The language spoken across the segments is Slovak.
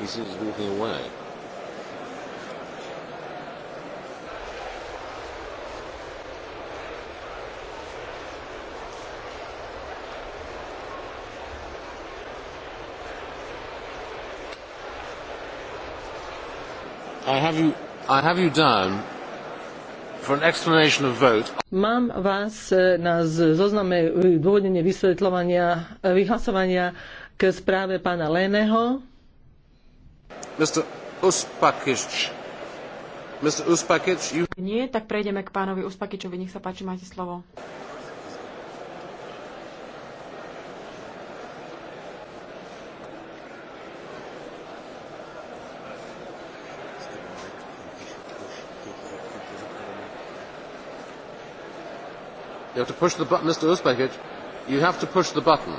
He seems walking away. I have you, I have you down for an explanation of vote. Mám vás eh, na zozname dôvodenie vysvetľovania, eh, vyhlasovania k správe pána Léneho. Mr. Uspakic. Mr. Uspakic, you... Nie, tak prejdeme k pánovi Uspakičovi. Nech sa páči, máte slovo. You have to push the button, Mr. Uspakic. You have to push the button.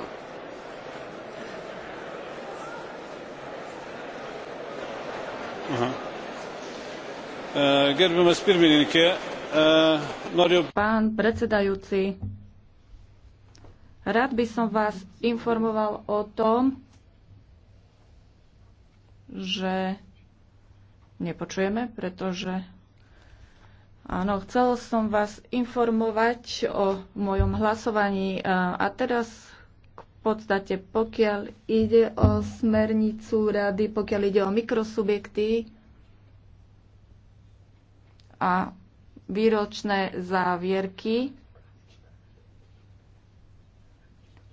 Eh, eh, Pán predsedajúci, rád by som vás informoval o tom, že nepočujeme, pretože áno, chcel som vás informovať o mojom hlasovaní eh, a teraz v podstate, pokiaľ ide o smernicu rady, pokiaľ ide o mikrosubjekty, a výročné závierky.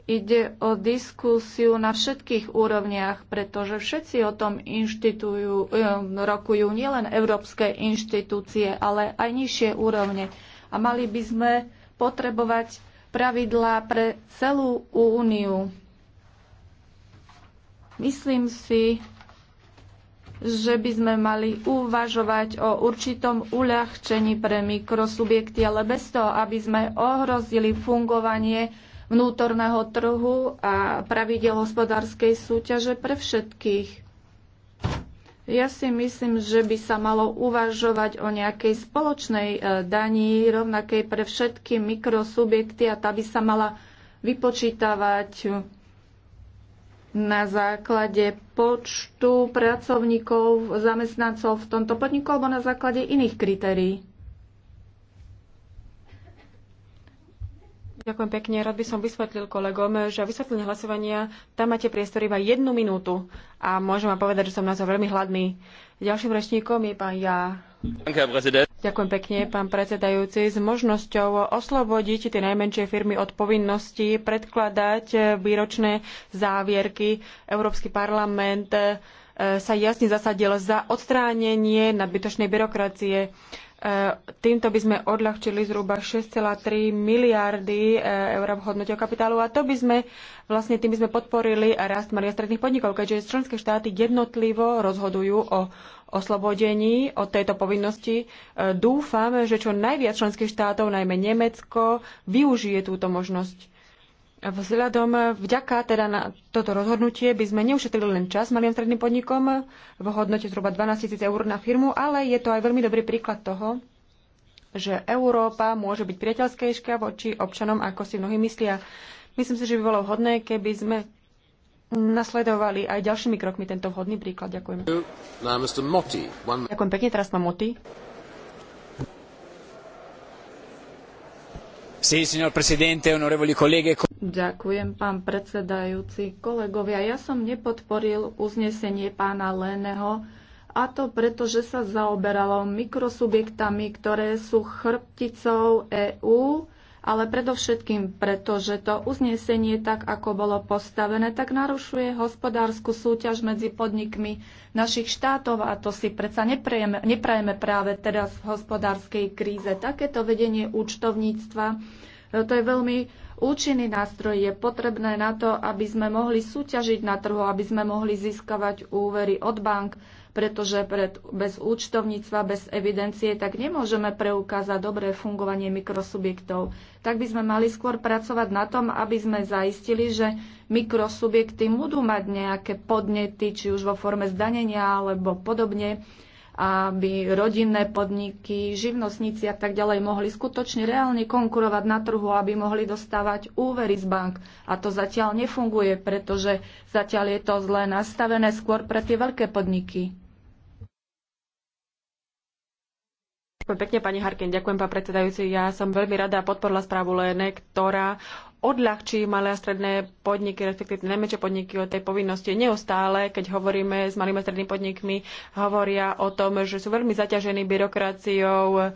Ide o diskusiu na všetkých úrovniach, pretože všetci o tom inštitujú, eh, rokujú nielen európske inštitúcie, ale aj nižšie úrovne. A mali by sme potrebovať pravidlá pre celú úniu. Myslím si, že by sme mali uvažovať o určitom uľahčení pre mikrosubjekty, ale bez toho, aby sme ohrozili fungovanie vnútorného trhu a pravidel hospodárskej súťaže pre všetkých. Ja si myslím, že by sa malo uvažovať o nejakej spoločnej e, daní, rovnakej pre všetky mikrosubjekty a tá by sa mala vypočítavať na základe počtu pracovníkov, zamestnancov v tomto podniku alebo na základe iných kritérií? Ďakujem pekne. Rád by som vysvetlil kolegom, že vysvetlenie hlasovania, tam máte priestor iba jednu minútu a môžem vám povedať, že som na to veľmi hladný. Ďalším rečníkom je pán Ja Ďakujem pekne, pán predsedajúci. S možnosťou oslobodiť tie najmenšie firmy od povinnosti predkladať eh, výročné závierky Európsky parlament eh, sa jasne zasadil za odstránenie nadbytočnej byrokracie. Eh, týmto by sme odľahčili zhruba 6,3 miliardy eur v hodnote kapitálu a to by sme vlastne tým by sme podporili rast malých a stredných podnikov, keďže členské štáty jednotlivo rozhodujú o oslobodení od tejto povinnosti. E, dúfam, že čo najviac členských štátov, najmä Nemecko, využije túto možnosť. Vzhľadom vďaka teda na toto rozhodnutie by sme neušetrili len čas malým stredným podnikom v hodnote zhruba 12 tisíc eur na firmu, ale je to aj veľmi dobrý príklad toho, že Európa môže byť priateľskejšia voči občanom, ako si mnohí myslia. Myslím si, že by bolo vhodné, keby sme nasledovali aj ďalšími krokmi tento vhodný príklad. Ďakujem. Ďakujem pekne, teraz pán Motti. Sí, presidente, Ďakujem, pán predsedajúci. Kolegovia, ja som nepodporil uznesenie pána Leného, a to preto, že sa zaoberalo mikrosubjektami, ktoré sú chrbticou EÚ ale predovšetkým preto, že to uznesenie, tak ako bolo postavené, tak narušuje hospodárskú súťaž medzi podnikmi našich štátov a to si predsa neprajeme, neprajeme práve teraz v hospodárskej kríze. Takéto vedenie účtovníctva, e, to je veľmi účinný nástroj, je potrebné na to, aby sme mohli súťažiť na trhu, aby sme mohli získavať úvery od bank, pretože pred, bez účtovníctva, bez evidencie, tak nemôžeme preukázať dobré fungovanie mikrosubjektov. Tak by sme mali skôr pracovať na tom, aby sme zaistili, že mikrosubjekty budú mať nejaké podnety, či už vo forme zdanenia alebo podobne, aby rodinné podniky, živnostníci a tak ďalej mohli skutočne reálne konkurovať na trhu, aby mohli dostávať úvery z bank. A to zatiaľ nefunguje, pretože zatiaľ je to zle nastavené skôr pre tie veľké podniky. Pekne, pani Harkin, ďakujem, pán predsedajúci. Ja som veľmi rada podporila správu Lene, ktorá odľahčí malé a stredné podniky, respektíve najmenšie podniky od tej povinnosti. Neustále, keď hovoríme s malými a strednými podnikmi, hovoria o tom, že sú veľmi zaťažení byrokraciou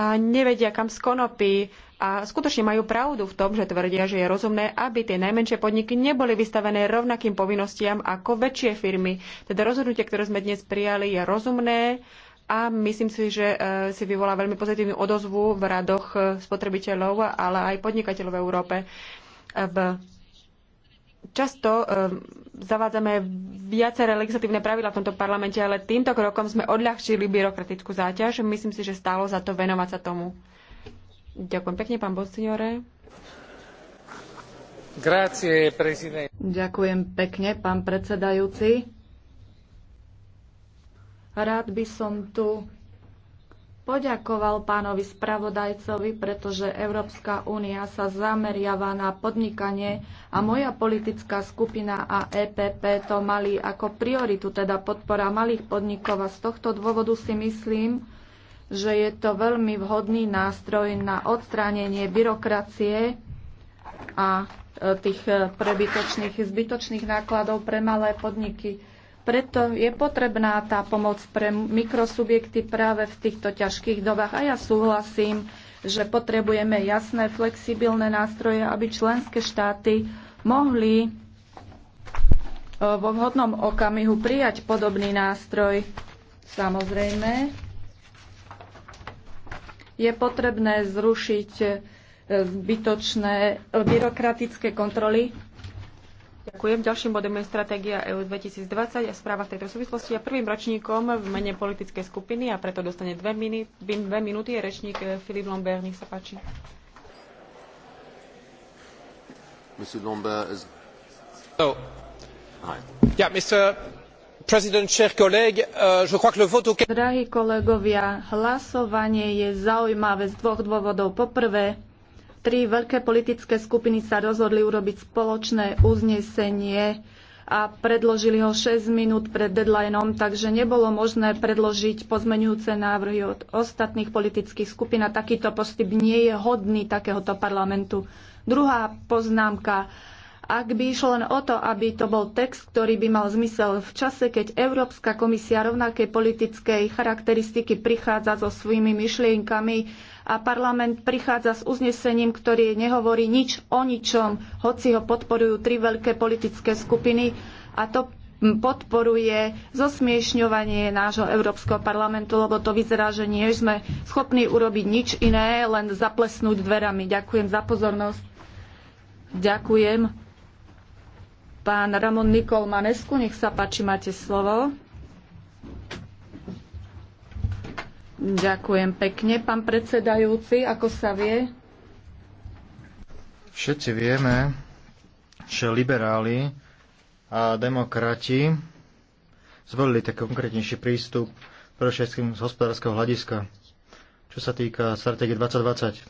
a nevedia, kam skonopí. A skutočne majú pravdu v tom, že tvrdia, že je rozumné, aby tie najmenšie podniky neboli vystavené rovnakým povinnostiam ako väčšie firmy. Teda rozhodnutie, ktoré sme dnes prijali, je rozumné a myslím si, že e, si vyvolá veľmi pozitívnu odozvu v radoch e, spotrebiteľov, ale aj podnikateľov v Európe. E, Často zavádzame viaceré legislatívne pravidla v tomto parlamente, ale týmto krokom sme odľahčili byrokratickú záťaž. Myslím si, že stálo za to venovať sa tomu. Ďakujem pekne, pán Bonsignore. Grazie, Ďakujem pekne, pán predsedajúci. Rád by som tu poďakoval pánovi spravodajcovi, pretože Európska únia sa zameriava na podnikanie a moja politická skupina a EPP to mali ako prioritu, teda podpora malých podnikov a z tohto dôvodu si myslím, že je to veľmi vhodný nástroj na odstránenie byrokracie a e, tých e, prebytočných, zbytočných nákladov pre malé podniky. Preto je potrebná tá pomoc pre mikrosubjekty práve v týchto ťažkých dobách. A ja súhlasím, že potrebujeme jasné, flexibilné nástroje, aby členské štáty mohli e, vo vhodnom okamihu prijať podobný nástroj. Samozrejme, je potrebné zrušiť e, zbytočné e, byrokratické kontroly Ďakujem. Ďalším bodom je stratégia EU 2020 a správa v tejto súvislosti. A prvým ročníkom v mene politickej skupiny a preto dostane dve, mini, dve minúty je rečník eh, Filip Lambert. Nech sa páči. Mr. Lambert is... Hi. yeah, Mr. President, chers collègues, uh, je crois que le vote au... Drahí kolegovia, hlasovanie je zaujímavé z dvoch dôvodov. Poprvé, Tri veľké politické skupiny sa rozhodli urobiť spoločné uznesenie a predložili ho 6 minút pred deadlineom, takže nebolo možné predložiť pozmenujúce návrhy od ostatných politických skupín a takýto postup nie je hodný takéhoto parlamentu. Druhá poznámka ak by išlo len o to, aby to bol text, ktorý by mal zmysel v čase, keď Európska komisia rovnakej politickej charakteristiky prichádza so svojimi myšlienkami a parlament prichádza s uznesením, ktorý nehovorí nič o ničom, hoci ho podporujú tri veľké politické skupiny a to podporuje zosmiešňovanie nášho Európskeho parlamentu, lebo to vyzerá, že nie sme schopní urobiť nič iné, len zaplesnúť dverami. Ďakujem za pozornosť. Ďakujem. Pán Ramon Nikol Manesku, nech sa páči, máte slovo. Ďakujem pekne, pán predsedajúci. Ako sa vie? Všetci vieme, že liberáli a demokrati zvolili taký konkrétnejší prístup pre všetkým z hospodárskeho hľadiska, čo sa týka stratégie 2020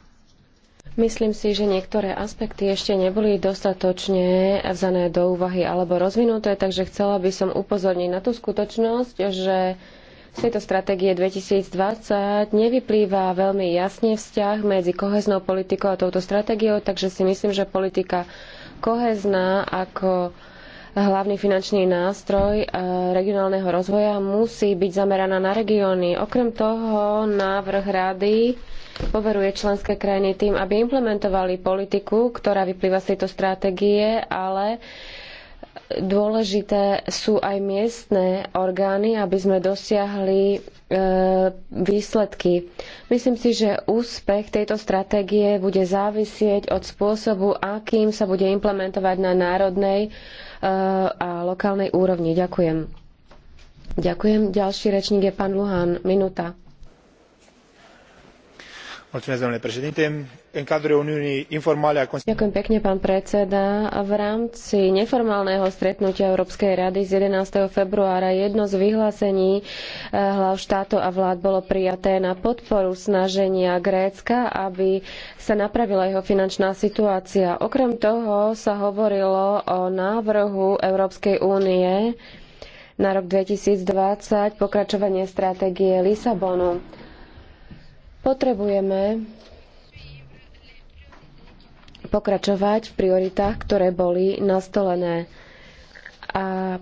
Myslím si, že niektoré aspekty ešte neboli dostatočne vzané do úvahy alebo rozvinuté, takže chcela by som upozorniť na tú skutočnosť, že z tejto stratégie 2020 nevyplýva veľmi jasne vzťah medzi koheznou politikou a touto stratégiou, takže si myslím, že politika kohezná ako hlavný finančný nástroj e, regionálneho rozvoja musí byť zameraná na regióny. Okrem toho návrh rady poveruje členské krajiny tým, aby implementovali politiku, ktorá vyplýva z tejto stratégie, ale dôležité sú aj miestne orgány, aby sme dosiahli E, výsledky. Myslím si, že úspech tejto stratégie bude závisieť od spôsobu, akým sa bude implementovať na národnej e, a lokálnej úrovni. Ďakujem. Ďakujem. Ďalší rečník je pán Luhan. Minúta. Ďakujem pekne, pán predseda. V rámci neformálneho stretnutia Európskej rady z 11. februára jedno z vyhlásení eh, hlav štátov a vlád bolo prijaté na podporu snaženia Grécka, aby sa napravila jeho finančná situácia. Okrem toho sa hovorilo o návrhu Európskej únie na rok 2020, pokračovanie stratégie Lisabonu. Potrebujeme pokračovať v prioritách, ktoré boli nastolené. A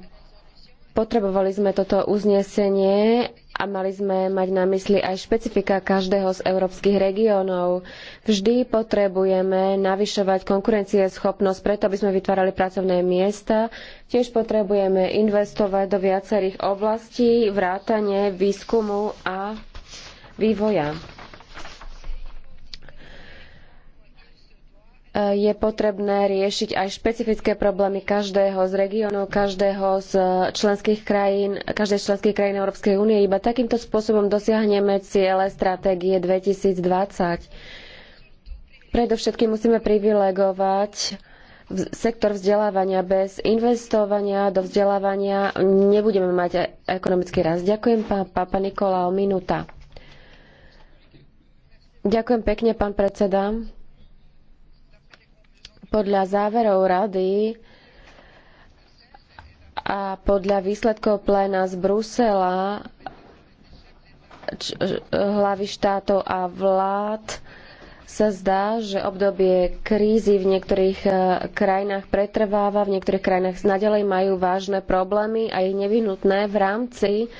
potrebovali sme toto uznesenie a mali sme mať na mysli aj špecifika každého z európskych regiónov. Vždy potrebujeme navyšovať konkurencieschopnosť, preto aby sme vytvárali pracovné miesta. Tiež potrebujeme investovať do viacerých oblastí, vrátane výskumu a vývoja. je potrebné riešiť aj špecifické problémy každého z regiónov, každého z členských krajín, každej členskej krajiny Európskej únie. Iba takýmto spôsobom dosiahneme ciele stratégie 2020. Predovšetkým musíme privilegovať sektor vzdelávania. Bez investovania do vzdelávania nebudeme mať e- ekonomický rast. Ďakujem, pán Papa Nikolau, minúta. Ďakujem pekne, pán predseda. Podľa záverov rady a podľa výsledkov pléna z Brusela hlavy štátov a vlád sa zdá, že obdobie krízy v niektorých e, krajinách pretrváva, v niektorých krajinách nadalej majú vážne problémy a je nevyhnutné v rámci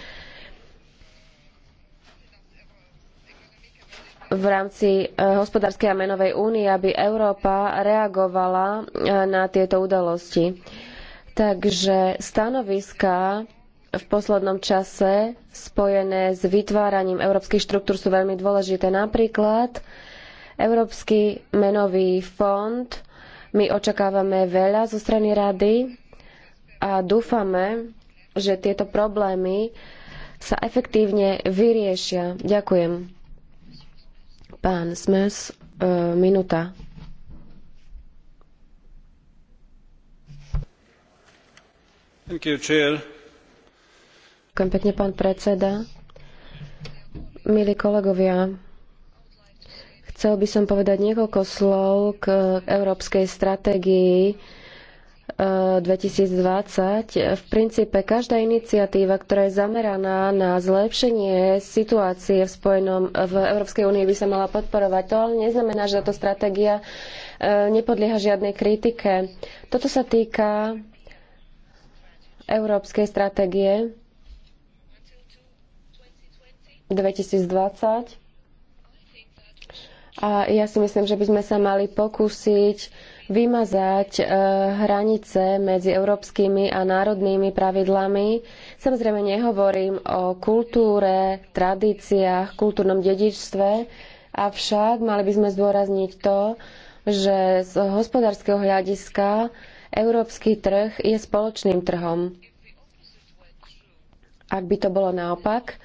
v rámci e, hospodárskej a menovej únie, aby Európa reagovala e, na tieto udalosti. Takže stanoviská v poslednom čase spojené s vytváraním európskych štruktúr sú veľmi dôležité. Napríklad Európsky menový fond. My očakávame veľa zo strany rady a dúfame, že tieto problémy sa efektívne vyriešia. Ďakujem. Pán Smes, e, minúta. Ďakujem pekne, pán predseda. Milí kolegovia, chcel by som povedať niekoľko slov k európskej stratégii 2020. V princípe každá iniciatíva, ktorá je zameraná na zlepšenie situácie v, spojenom, v Európskej únii by sa mala podporovať. To ale neznamená, že táto stratégia e, nepodlieha žiadnej kritike. Toto sa týka Európskej stratégie 2020. A ja si myslím, že by sme sa mali pokúsiť vymazať e, hranice medzi európskymi a národnými pravidlami. Samozrejme nehovorím o kultúre, tradíciách, kultúrnom dedičstve, avšak mali by sme zdôrazniť to, že z hospodárskeho hľadiska európsky trh je spoločným trhom. Ak by to bolo naopak,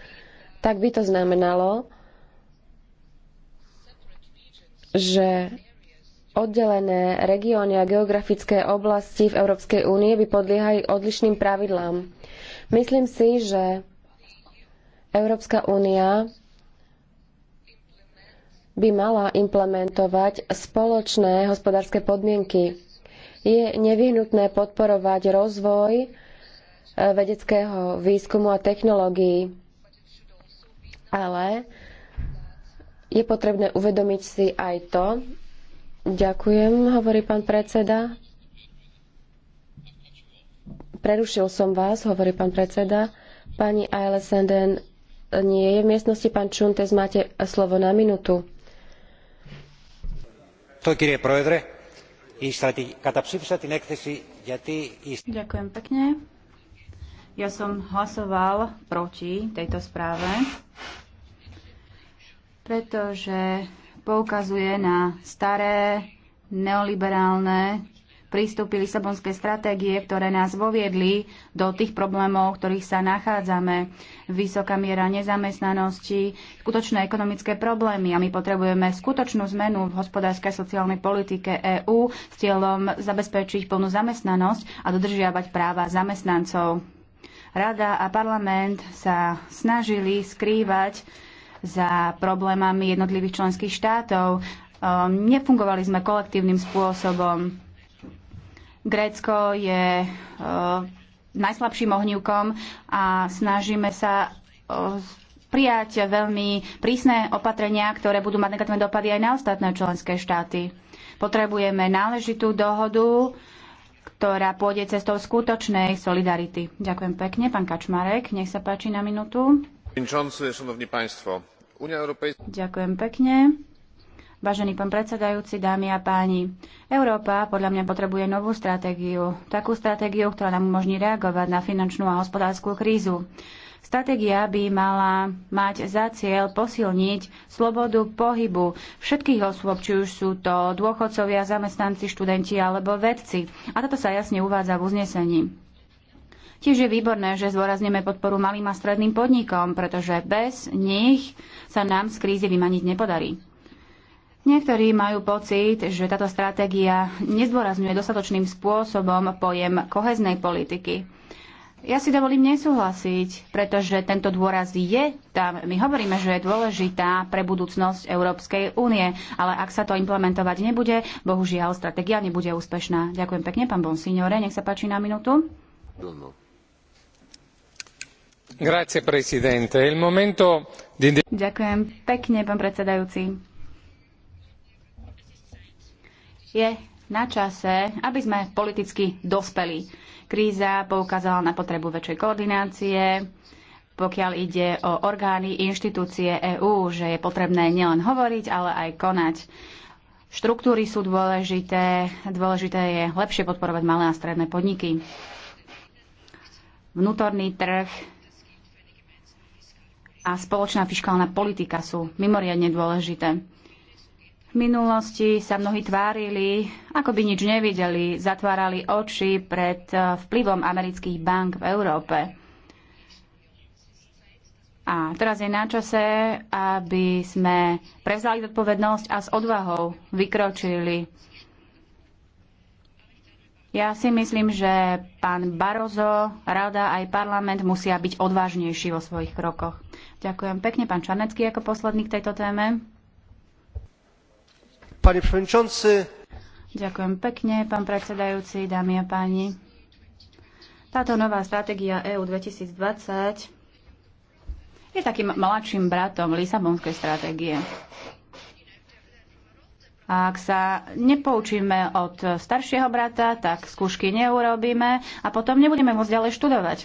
tak by to znamenalo, že Oddelené regióny a geografické oblasti v Európskej únie by podliehali odlišným pravidlám. Myslím si, že Európska únia by mala implementovať spoločné hospodárske podmienky. Je nevyhnutné podporovať rozvoj e, vedeckého výskumu a technológií, ale je potrebné uvedomiť si aj to, Ďakujem, hovorí pán predseda. Prerušil som vás, hovorí pán predseda. Pani Ailesenden nie je v miestnosti. Pán Čuntes, máte slovo na minútu. Ďakujem pekne. Ja som hlasoval proti tejto správe, pretože poukazuje na staré neoliberálne prístupy Lisabonskej stratégie, ktoré nás voviedli do tých problémov, v ktorých sa nachádzame. Vysoká miera nezamestnanosti, skutočné ekonomické problémy a my potrebujeme skutočnú zmenu v hospodárskej a sociálnej politike EÚ s cieľom zabezpečiť plnú zamestnanosť a dodržiavať práva zamestnancov. Rada a parlament sa snažili skrývať za problémami jednotlivých členských štátov. Ehm, nefungovali sme kolektívnym spôsobom. Grécko je ehm, najslabším ohnívkom a snažíme sa ehm, prijať veľmi prísne opatrenia, ktoré budú mať negatívne dopady aj na ostatné členské štáty. Potrebujeme náležitú dohodu, ktorá pôjde cestou skutočnej solidarity. Ďakujem pekne, pán Kačmarek. Nech sa páči na minútu. Ďakujem pekne. Vážený pán predsedajúci, dámy a páni, Európa podľa mňa potrebuje novú stratégiu. Takú stratégiu, ktorá nám umožní reagovať na finančnú a hospodárskú krízu. Stratégia by mala mať za cieľ posilniť slobodu pohybu všetkých osôb, či už sú to dôchodcovia, zamestnanci, študenti alebo vedci. A toto sa jasne uvádza v uznesení. Tiež je výborné, že zdôrazneme podporu malým a stredným podnikom, pretože bez nich sa nám z krízy vymaniť nepodarí. Niektorí majú pocit, že táto stratégia nezdôrazňuje dostatočným spôsobom pojem koheznej politiky. Ja si dovolím nesúhlasiť, pretože tento dôraz je tam. My hovoríme, že je dôležitá pre budúcnosť Európskej únie, ale ak sa to implementovať nebude, bohužiaľ, stratégia nebude úspešná. Ďakujem pekne, pán Bonsignore, nech sa páči na minútu. No, no. Ďakujem pekne, pán predsedajúci. Je na čase, aby sme politicky dospeli. Kríza poukázala na potrebu väčšej koordinácie, pokiaľ ide o orgány inštitúcie EÚ, že je potrebné nielen hovoriť, ale aj konať. Štruktúry sú dôležité, dôležité je lepšie podporovať malé a stredné podniky. Vnútorný trh a spoločná fiskálna politika sú mimoriadne dôležité. V minulosti sa mnohí tvárili, ako by nič nevideli, zatvárali oči pred eh, vplyvom amerických bank v Európe. A teraz je na čase, aby sme prezali zodpovednosť a s odvahou vykročili ja si myslím, že pán Barozo, rada aj parlament musia byť odvážnejší vo svojich krokoch. Ďakujem pekne, pán Čarnecký, ako posledný k tejto téme. Pani predsedajúci. Ďakujem pekne, pán predsedajúci, dámy a páni. Táto nová stratégia EU 2020 je takým mladším bratom Lisabonskej stratégie. A ak sa nepoučíme od staršieho brata, tak skúšky neurobíme a potom nebudeme môcť ďalej študovať.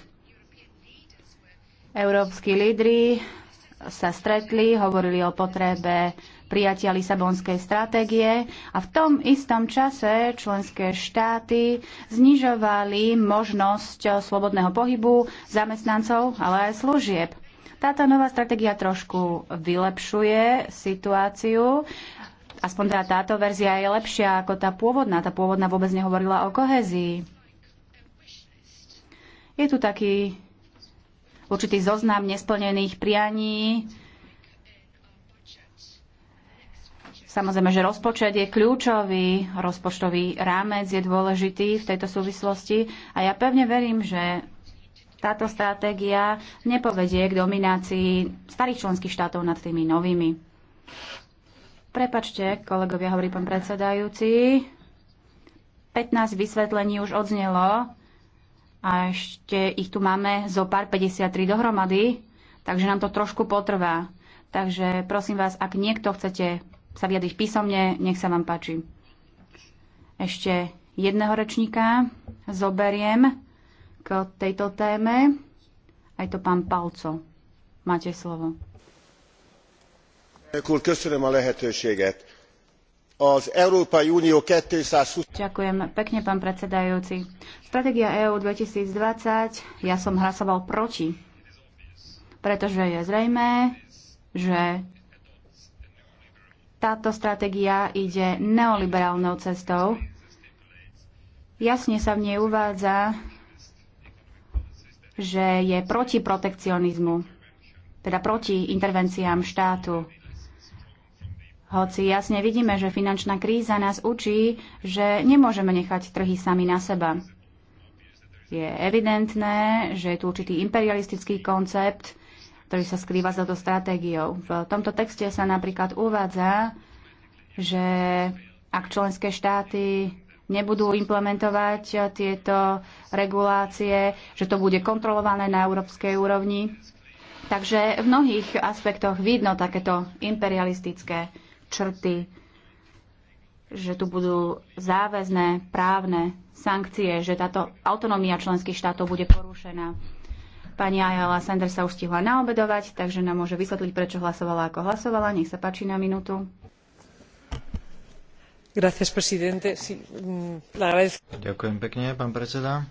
Európsky lídry sa stretli, hovorili o potrebe prijatia Lisabonskej stratégie a v tom istom čase členské štáty znižovali možnosť slobodného pohybu zamestnancov, ale aj služieb. Táto nová stratégia trošku vylepšuje situáciu, Aspoň teda táto verzia je lepšia ako tá pôvodná. Tá pôvodná vôbec nehovorila o kohezii. Je tu taký určitý zoznam nesplnených prianí. Samozrejme, že rozpočet je kľúčový, rozpočtový rámec je dôležitý v tejto súvislosti a ja pevne verím, že táto stratégia nepovedie k dominácii starých členských štátov nad tými novými. Prepačte, kolegovia, hovorí pán predsedajúci. 15 vysvetlení už odznelo a ešte ich tu máme zo pár 53 dohromady, takže nám to trošku potrvá. Takže prosím vás, ak niekto chcete sa vyjadriť písomne, nech sa vám páči. Ešte jedného rečníka zoberiem k tejto téme. Aj to pán Palco. Máte slovo stratégia pekne, pán predsedajúci. Stratégia e twenty 2020, ja som hlasoval proti, pretože je zrejmé, že táto stratégia ide neoliberálnou cestou. Jasne sa v nej uvádza, že je proti protekcionizmu, teda proti intervenciám štátu. Hoci jasne vidíme, že finančná kríza nás učí, že nemôžeme nechať trhy sami na seba. Je evidentné, že je tu určitý imperialistický koncept, ktorý sa skrýva za to stratégiou. V tomto texte sa napríklad uvádza, že ak členské štáty nebudú implementovať tieto regulácie, že to bude kontrolované na európskej úrovni. Takže v mnohých aspektoch vidno takéto imperialistické črty, že tu budú záväzné právne sankcie, že táto autonómia členských štátov bude porušená. Pani Ayala Sanders sa už stihla naobedovať, takže nám môže vysvetliť, prečo hlasovala, ako hlasovala. Nech sa páči na minútu. Mm, Ďakujem pekne, pán predseda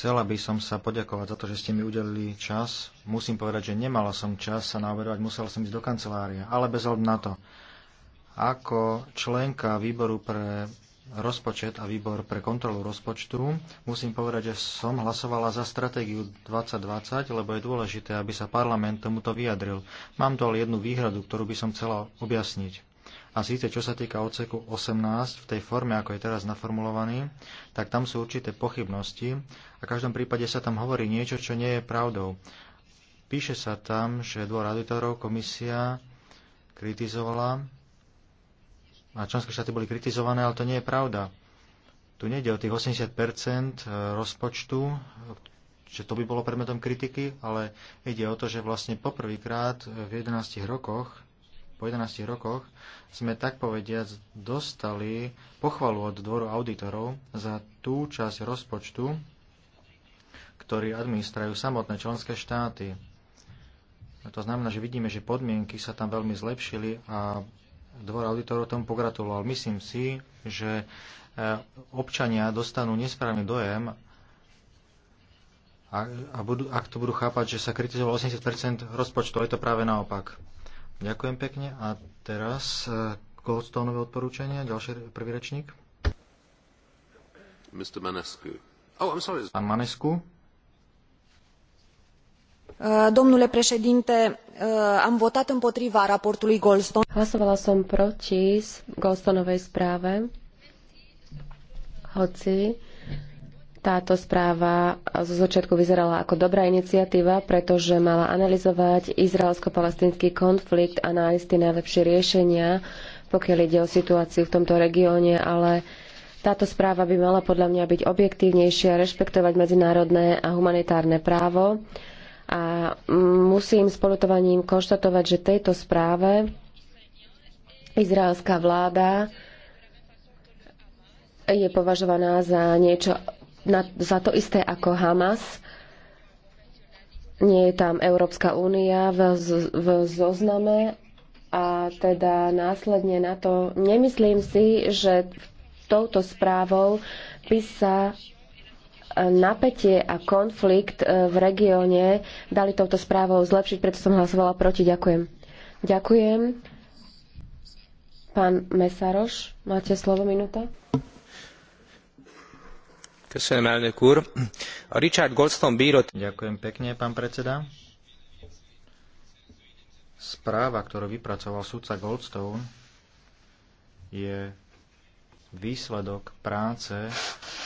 Chcela by som sa poďakovať za to, že ste mi udelili čas. Musím povedať, že nemala som čas sa naoberovať, musel som ísť do kancelárie, ale bez hľadu na to. Ako členka výboru pre rozpočet a výbor pre kontrolu rozpočtu, musím povedať, že som hlasovala za stratégiu 2020, lebo je dôležité, aby sa parlament tomuto vyjadril. Mám tu ale jednu výhradu, ktorú by som chcela objasniť. A síce, čo sa týka odseku 18, v tej forme, ako je teraz naformulovaný, tak tam sú určité pochybnosti a v každom prípade sa tam hovorí niečo, čo nie je pravdou. Píše sa tam, že dvor auditorov komisia kritizovala a členské štáty boli kritizované, ale to nie je pravda. Tu nejde o tých 80 e, rozpočtu, že to by bolo predmetom kritiky, ale ide o to, že vlastne poprvýkrát v 11 rokoch po 11 rokoch sme tak povediac dostali pochvalu od dvoru auditorov za tú časť rozpočtu, ktorý administrajú samotné členské štáty. To znamená, že vidíme, že podmienky sa tam veľmi zlepšili a dvor auditorov tomu pogratuloval. Myslím si, že e, občania dostanú nesprávny dojem, a, a budú, ak to budú chápať, že sa kritizovalo 80 rozpočtu, je to práve naopak. Ďakujem pekne. A teraz e, Goldstoneové odporúčania. Ďalší prvý rečník. Mr. Manescu. Oh, I'm sorry. Pán Manescu. E, domnule președinte, e, am votat împotriva raportului Goldstone. Hlasovala som proti Goldstoneovej správe, hoci táto správa zo začiatku vyzerala ako dobrá iniciatíva, pretože mala analyzovať izraelsko-palestinský konflikt a nájsť tie najlepšie riešenia, pokiaľ ide o situáciu v tomto regióne, ale táto správa by mala podľa mňa byť objektívnejšia, rešpektovať medzinárodné a humanitárne právo. A musím s polutovaním konštatovať, že tejto správe izraelská vláda je považovaná za niečo na, za to isté ako Hamas. Nie je tam Európska únia v, v zozname a teda následne na to nemyslím si, že touto správou by sa e, napätie a konflikt e, v regióne dali touto správou zlepšiť, preto som hlasovala proti. Ďakujem. Ďakujem. Pán Mesaroš, máte slovo minúta a richard goldstone ďakujem pekne pán predseda správa ktorú vypracoval sudca goldstone je výsledok práce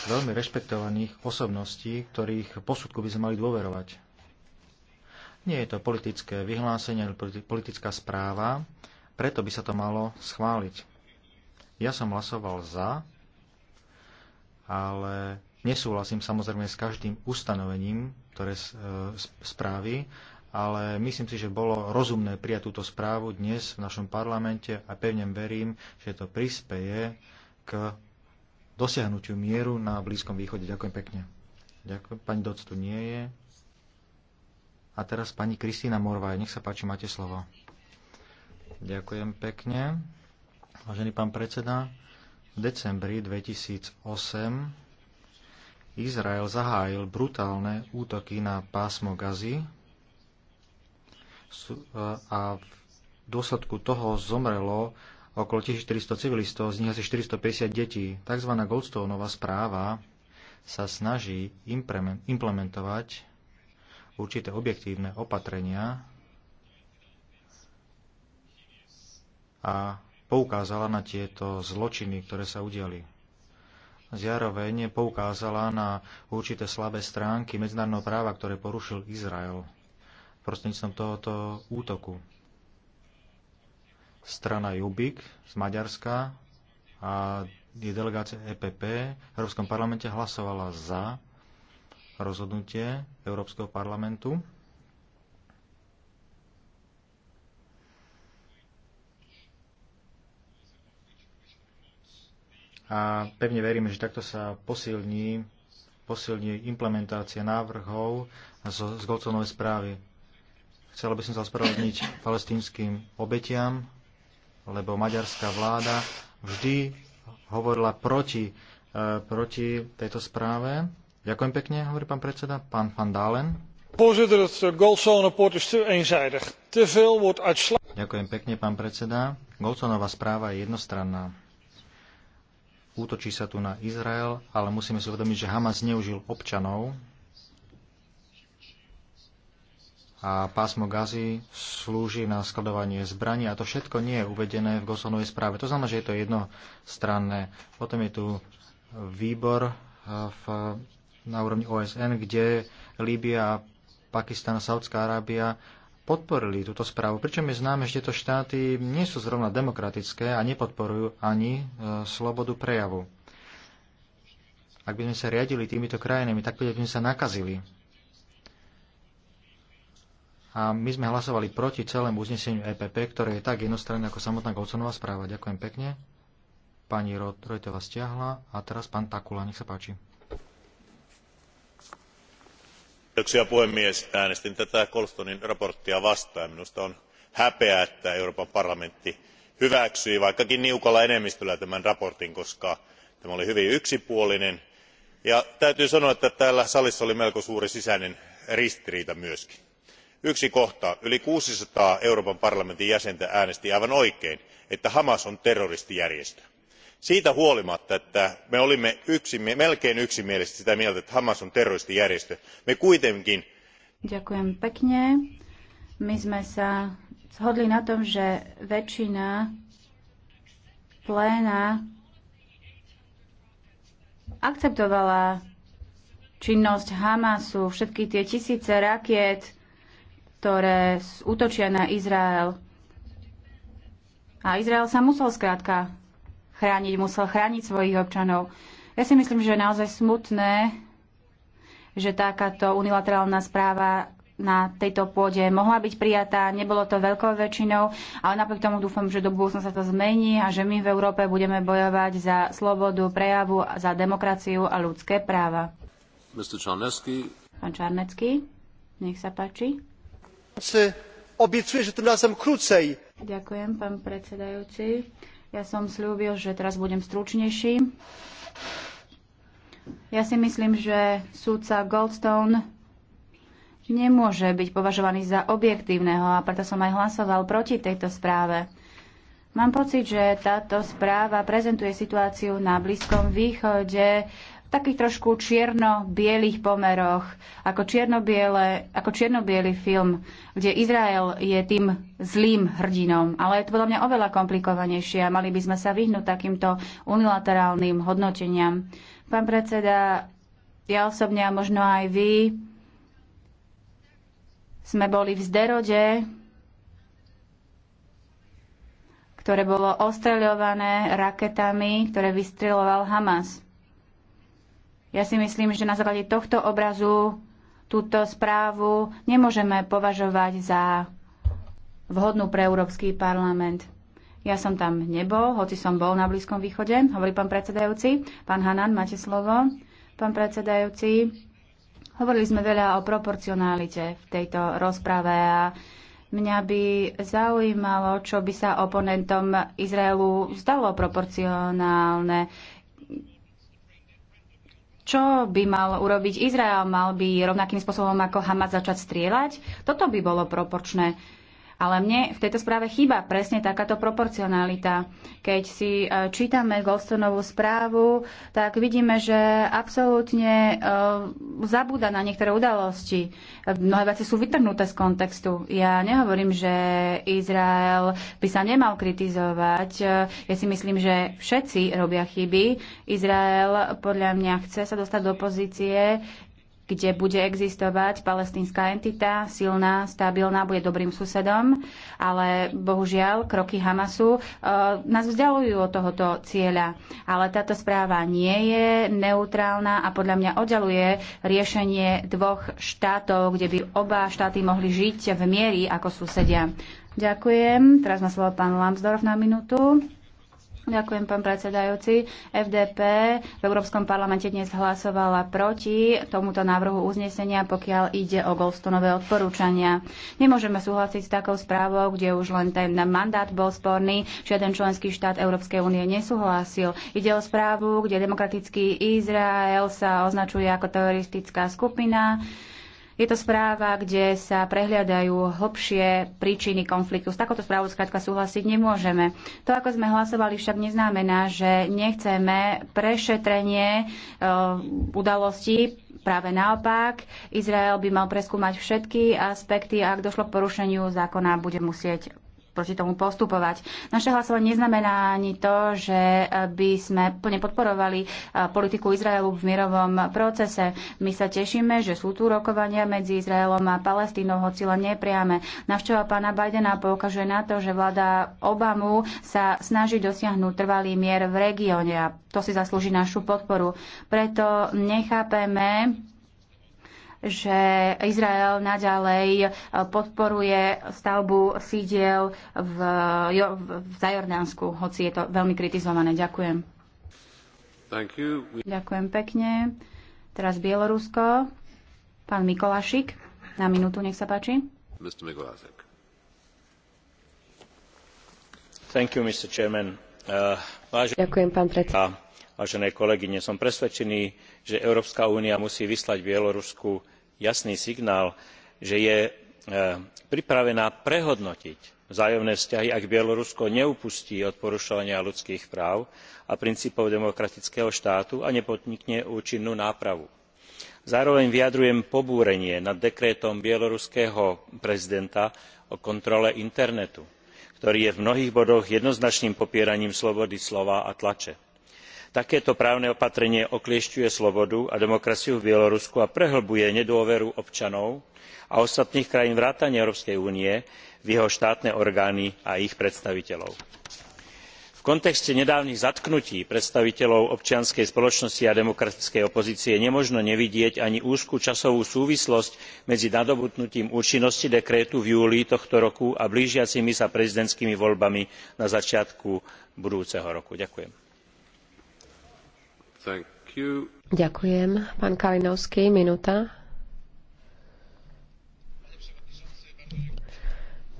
veľmi rešpektovaných osobností ktorých posudku by sme mali dôverovať nie je to politické vyhlásenie politická správa preto by sa to malo schváliť ja som hlasoval za ale Nesúhlasím samozrejme s každým ustanovením, ktoré e, správy, ale myslím si, že bolo rozumné prijať túto správu dnes v našom parlamente a pevne verím, že to prispeje k dosiahnutiu mieru na Blízkom východe. Ďakujem pekne. Ďakujem. Pani Doc tu nie je. A teraz pani Kristýna Morvaj. Nech sa páči, máte slovo. Ďakujem pekne. Vážený pán predseda, v decembri 2008 Izrael zahájil brutálne útoky na pásmo Gazy a v dôsledku toho zomrelo okolo 1400 civilistov, z nich asi 450 detí. Takzvaná Goldstoneová správa sa snaží implementovať určité objektívne opatrenia a poukázala na tieto zločiny, ktoré sa udiali zároveň poukázala na určité slabé stránky medzinárodného práva, ktoré porušil Izrael prostredníctvom tohoto útoku. Strana Jubik z Maďarska a je delegácia EPP v Európskom parlamente hlasovala za rozhodnutie Európskeho parlamentu a pevne veríme, že takto sa posilní, posilní implementácia návrhov z, z Golconovej správy. Chcela by som sa ospravedlniť palestínskym obetiam, lebo maďarská vláda vždy hovorila proti, e, proti tejto správe. Ďakujem pekne, hovorí pán predseda, pán Van Dalen. Eh, Ďakujem pekne, pán predseda. Golconová správa je jednostranná útočí sa tu na Izrael, ale musíme si uvedomiť, že Hamas zneužil občanov a pásmo Gazy slúži na skladovanie zbraní a to všetko nie je uvedené v Gosonovej správe. To znamená, že je to jednostranné. Potom je tu výbor eh, v, na úrovni OSN, kde Líbia, Pakistan, Saudská Arábia podporili túto správu, pričom je známe, že tieto štáty nie sú zrovna demokratické a nepodporujú ani e, slobodu prejavu. Ak by sme sa riadili týmito krajinami, tak by sme sa nakazili. A my sme hlasovali proti celému uzneseniu EPP, ktoré je tak jednostranné ako samotná Golconová správa. Ďakujem pekne. Pani Rojtova stiahla a teraz pán Takula, nech sa páči arvoisa puhemies äänestin tätä colstonin mietintöä vastaan. minusta on häpeä että euroopan parlamentti hyväksyi vaikkakin niukalla enemmistöllä tämän mietinnön koska tämä oli hyvin yksipuolinen. ja täytyy sanoa että täällä salissa oli melko suuri sisäinen ristiriita myös. yksi kohta yli kuusisataa euroopan parlamentin jäsentä äänesti aivan oikein että hamas on terroristijärjestö siitä huolimatta että me olimme melkein yksimielisesti sitä mieltä että hamas on teroristijärjestö me kuitenkin Ďakujem pekne. My sme sa zhodli na tom, že väčšina pléna akceptovala činnosť Hamasu, všetky tie tisíce rakiet, ktoré útočia na Izrael. A Izrael sa musel skrátka chrániť, musel chrániť svojich občanov. Ja si myslím, že je naozaj smutné, že takáto unilaterálna správa na tejto pôde mohla byť prijatá, nebolo to veľkou väčšinou, ale napriek tomu dúfam, že do budúcna sa to zmení a že my v Európe budeme bojovať za slobodu prejavu, za demokraciu a ľudské práva. Mr. Czarnecki. Pán Čarnecký, nech sa páči. Obiecuje, že to razem Ďakujem, pán predsedajúci. Ja som slúbil, že teraz budem stručnejší. Ja si myslím, že súdca Goldstone nemôže byť považovaný za objektívneho a preto som aj hlasoval proti tejto správe. Mám pocit, že táto správa prezentuje situáciu na Blízkom východe takých trošku čierno-bielých pomeroch, ako, čierno ako čierno film, kde Izrael je tým zlým hrdinom. Ale je to podľa mňa oveľa komplikovanejšie a mali by sme sa vyhnúť takýmto unilaterálnym hodnoteniam. Pán predseda, ja osobne a možno aj vy sme boli v Zderode, ktoré bolo ostreľované raketami, ktoré vystreľoval Hamas. Ja si myslím, že na základe tohto obrazu túto správu nemôžeme považovať za vhodnú pre Európsky parlament. Ja som tam nebol, hoci som bol na Blízkom východe, hovorí pán predsedajúci. Pán Hanan, máte slovo. Pán predsedajúci, hovorili sme veľa o proporcionalite v tejto rozprave a Mňa by zaujímalo, čo by sa oponentom Izraelu zdalo proporcionálne. Čo by mal urobiť Izrael? Mal by rovnakým spôsobom ako Hamas začať strieľať? Toto by bolo proporčné. Ale mne v tejto správe chýba presne takáto proporcionalita. Keď si e, čítame Goldstoneovú správu, tak vidíme, že absolútne e, zabúda na niektoré udalosti. Mnohé veci sú vytrhnuté z kontextu. Ja nehovorím, že Izrael by sa nemal kritizovať. E, ja si myslím, že všetci robia chyby. Izrael podľa mňa chce sa dostať do pozície, kde bude existovať palestínska entita, silná, stabilná, bude dobrým susedom, ale bohužiaľ kroky Hamasu e, nás vzdialujú od tohoto cieľa. Ale táto správa nie je neutrálna a podľa mňa oddeluje riešenie dvoch štátov, kde by oba štáty mohli žiť v miery ako susedia. Ďakujem. Teraz má slovo pán Lambsdorff na minútu. Ďakujem, pán predsedajúci. FDP v Európskom parlamente dnes hlasovala proti tomuto návrhu uznesenia, pokiaľ ide o Goldstonové odporúčania. Nemôžeme súhlasiť s takou správou, kde už len ten mandát bol sporný. Žiaden členský štát Európskej únie nesúhlasil. Ide o správu, kde demokratický Izrael sa označuje ako teroristická skupina je to správa, kde sa prehliadajú hlbšie príčiny konfliktu. S takouto správou skrátka súhlasiť nemôžeme. To, ako sme hlasovali, však neznamená, že nechceme prešetrenie e, udalostí. Práve naopak, Izrael by mal preskúmať všetky aspekty a ak došlo k porušeniu zákona, bude musieť proti tomu postupovať. Naše hlasovanie neznamená ani to, že eh, by sme plne podporovali eh, politiku Izraelu v mierovom procese. My sa tešíme, že sú tu rokovania medzi Izraelom a Palestínou, hoci len nepriame. Navšteva pána Bidena poukazuje na to, že vláda Obamu sa snaží dosiahnuť trvalý mier v regióne a to si zaslúži našu podporu. Preto nechápeme, že Izrael naďalej e, podporuje stavbu sídiel v, v Zajordánsku, hoci je to veľmi kritizované. Ďakujem. Thank you. Ďakujem pekne. Teraz Bielorusko. Pán Mikolašik, na minútu, nech sa páči. Mr. Mikolášek. Thank you, Mr. Chairman. Uh, vážený... Ďakujem, pán predseda. Vážené kolegyne, som presvedčený, že Európska únia musí vyslať Bielorusku jasný signál že je e, pripravená prehodnotiť vzájomné vzťahy ak bielorusko neupustí od porušovania ľudských práv a princípov demokratického štátu a nepodnikne účinnú nápravu. zároveň vyjadrujem pobúrenie nad dekrétom bieloruského prezidenta o kontrole internetu ktorý je v mnohých bodoch jednoznačným popieraním slobody slova a tlače takéto právne opatrenie okliešťuje slobodu a demokraciu v bielorusku a prehlbuje nedôveru občanov a ostatných krajín vrátane európskej únie v jeho štátne orgány a ich predstaviteľov. v kontexte nedávnych zatknutí predstaviteľov občianskej spoločnosti a demokratickej opozície nemožno nevidieť ani úzku časovú súvislosť medzi nadobudnutím účinnosti dekrétu v júli tohto roku a blížiacimi sa prezidentskými voľbami na začiatku budúceho roku. ďakujem. Ďakujem. Pán Kalinovský, minúta.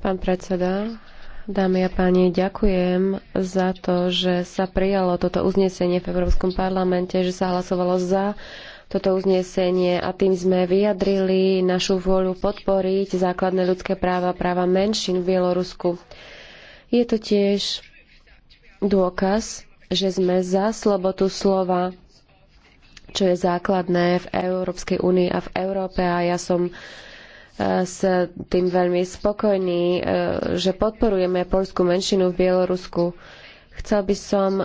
Pán predseda, dámy a páni, ďakujem za to, že sa prijalo toto uznesenie v Európskom parlamente, že sa hlasovalo za toto uznesenie a tým sme vyjadrili našu vôľu podporiť základné ľudské práva, práva menšín v Bielorusku. Je to tiež dôkaz, že sme za slobotu slova, čo je základné v Európskej únii a v Európe a ja som e, s tým veľmi spokojný, e, že podporujeme poľskú menšinu v Bielorusku. Chcel by som e,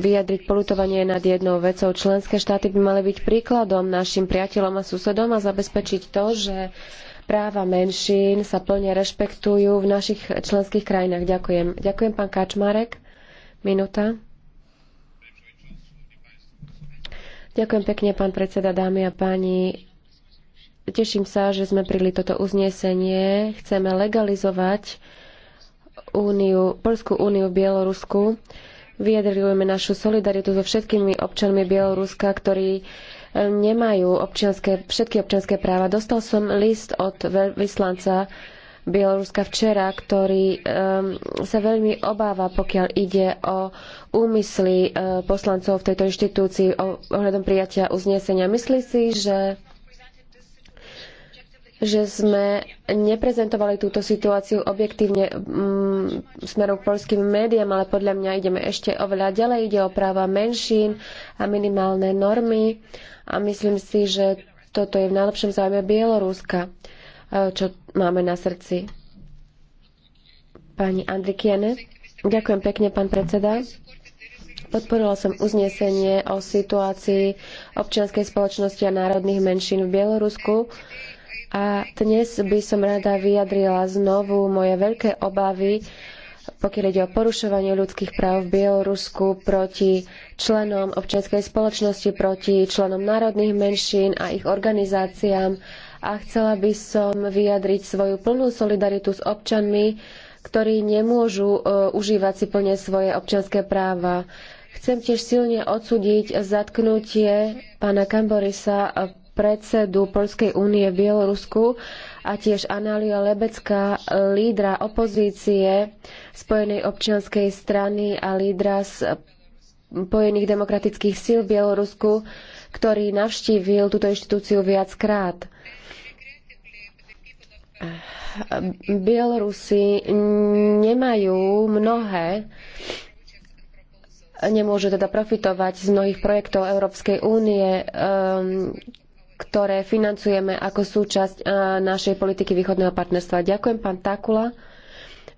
vyjadriť polutovanie nad jednou vecou. Členské štáty by mali byť príkladom našim priateľom a susedom a zabezpečiť to, že práva menšín sa plne rešpektujú v našich členských krajinách. Ďakujem. Ďakujem, pán Kačmarek. Minúta. Ďakujem pekne, pán predseda, dámy a páni. Teším sa, že sme prili toto uznesenie. Chceme legalizovať úniu, Polskú úniu v Bielorusku. Vyjadrujeme našu solidaritu so všetkými občanmi Bieloruska, ktorí e, nemajú všetky občianské práva. Dostal som list od vyslanca Bieloruska včera, ktorý um, sa veľmi obáva, pokiaľ ide o úmysly uh, poslancov v tejto inštitúcii o, ohľadom prijatia uznesenia. Myslí si, že že sme neprezentovali túto situáciu objektívne mm, smerom k polským médiám, ale podľa mňa ideme ešte oveľa ďalej. Ide o práva menšín a minimálne normy a myslím si, že toto je v najlepšom záujme Bieloruska. E, čo máme na srdci. Pani Andrikiene, ďakujem pekne, pán predseda. Podporila som uznesenie o situácii občianskej spoločnosti a národných menšín v Bielorusku a dnes by som rada vyjadrila znovu moje veľké obavy, pokiaľ ide o porušovanie ľudských práv v Bielorusku proti členom občianskej spoločnosti, proti členom národných menšín a ich organizáciám a chcela by som vyjadriť svoju plnú solidaritu s občanmi, ktorí nemôžu e, užívať si plne svoje občianske práva. Chcem tiež silne odsúdiť zatknutie pána Kamborisa, e, predsedu Poľskej únie v Bielorusku a tiež Anália Lebecka, e, lídra opozície Spojenej občianskej strany a lídra Spojených demokratických síl v Bielorusku, ktorý navštívil túto inštitúciu viackrát. Bielorusi nemajú mnohé, nemôžu teda profitovať z mnohých projektov Európskej únie, um, ktoré financujeme ako súčasť uh, našej politiky východného partnerstva. Ďakujem, pán Takula.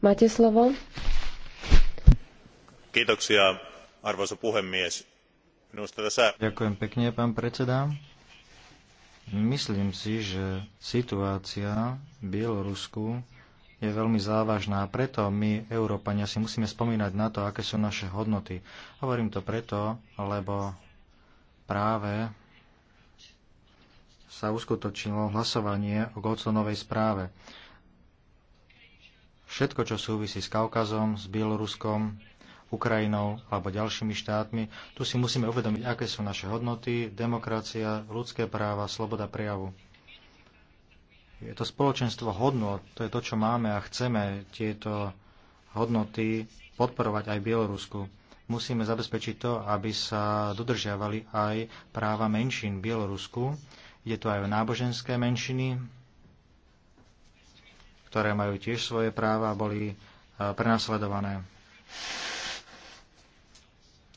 Máte slovo. Kiitoksia, arvoisa puhemies. Minusta tässä... Ďakujem pekne, pán predseda. Myslím si, že situácia v Bielorusku je veľmi závažná a preto my, Európania, si musíme spomínať na to, aké sú naše hodnoty. Hovorím to preto, lebo práve sa uskutočnilo hlasovanie o Golconovej správe. Všetko, čo súvisí s Kaukazom, s Bieloruskom, Ukrajinou alebo ďalšími štátmi. Tu si musíme uvedomiť, aké sú naše hodnoty, demokracia, ľudské práva, sloboda prejavu. Je to spoločenstvo hodnot, to je to, čo máme a chceme tieto hodnoty podporovať aj Bielorusku. Musíme zabezpečiť to, aby sa dodržiavali aj práva menšín v Bielorusku. Je to aj o náboženské menšiny, ktoré majú tiež svoje práva a boli prenasledované.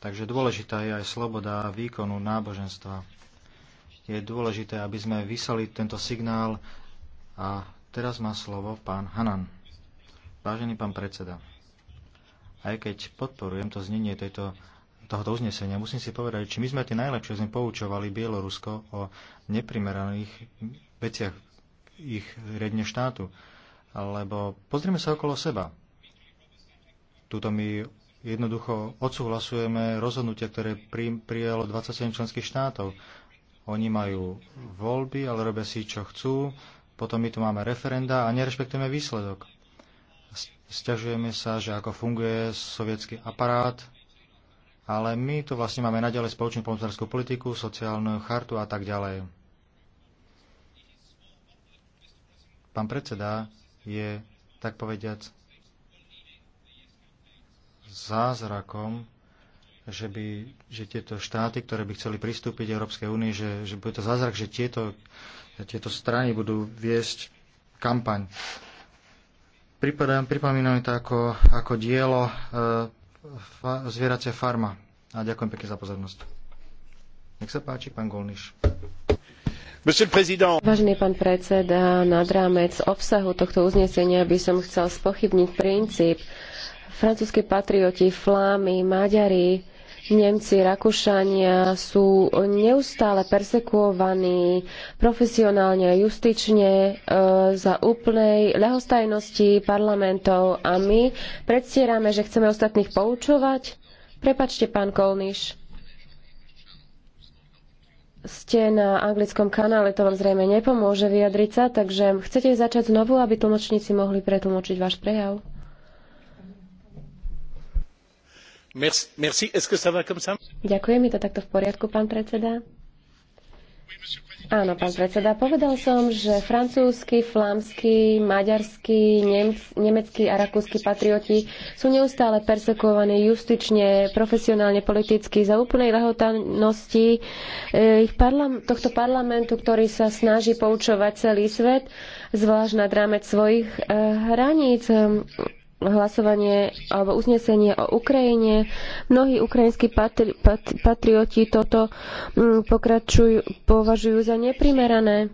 Takže dôležitá je aj sloboda výkonu náboženstva. Je dôležité, aby sme vysali tento signál a teraz má slovo pán Hanan. Vážený pán predseda, aj keď podporujem to znenie tejto, tohoto uznesenia, musím si povedať, či my sme tie najlepšie, sme poučovali Bielorusko o neprimeraných veciach ich redne štátu. Lebo pozrieme sa okolo seba. Tuto mi jednoducho odsúhlasujeme rozhodnutia, ktoré prijalo 27 členských štátov. Oni majú voľby, ale robia si, čo chcú. Potom my tu máme referenda a nerešpektujeme výsledok. Sťažujeme sa, že ako funguje sovietský aparát, ale my tu vlastne máme naďalej spoločnú pomocnárskú politiku, sociálnu chartu a tak ďalej. Pán predseda je, tak povediať zázrakom, že, by, že tieto štáty, ktoré by chceli pristúpiť Európskej únii, že, že bude to zázrak, že tieto, tieto strany budú viesť kampaň. pripomínam to ako, ako dielo e, fa, Zvieracia farma. A ďakujem pekne za pozornosť. Nech sa páči, pán Golniš. Vážený pán predseda, nad rámec obsahu tohto uznesenia by som chcel spochybniť princíp, Francúzski patrioti, Flámy, Maďari, Nemci, Rakúšania sú neustále persekuovaní profesionálne, a justične e, za úplnej ľahostajnosti parlamentov a my predstierame, že chceme ostatných poučovať. Prepačte, pán Kolniš, ste na anglickom kanále, to vám zrejme nepomôže vyjadriť sa, takže chcete začať znovu, aby tlmočníci mohli pretlmočiť váš prejav? Merci, Ďakujem, je to takto v poriadku, pán predseda? Áno, pán predseda, povedal som, že francúzsky, flámsky, maďarský, nemecký a rakúsky patrioti sú neustále persekovaní justične, profesionálne, politicky za úplnej lehotanosti eh, ich parlam- tohto parlamentu, ktorý sa snaží poučovať celý svet, zvlášť nad rámec svojich eh, hraníc hlasovanie alebo uznesenie o Ukrajine. Mnohí ukrajinskí patri, pat, patrioti toto mm, pokračujú, považujú za neprimerané,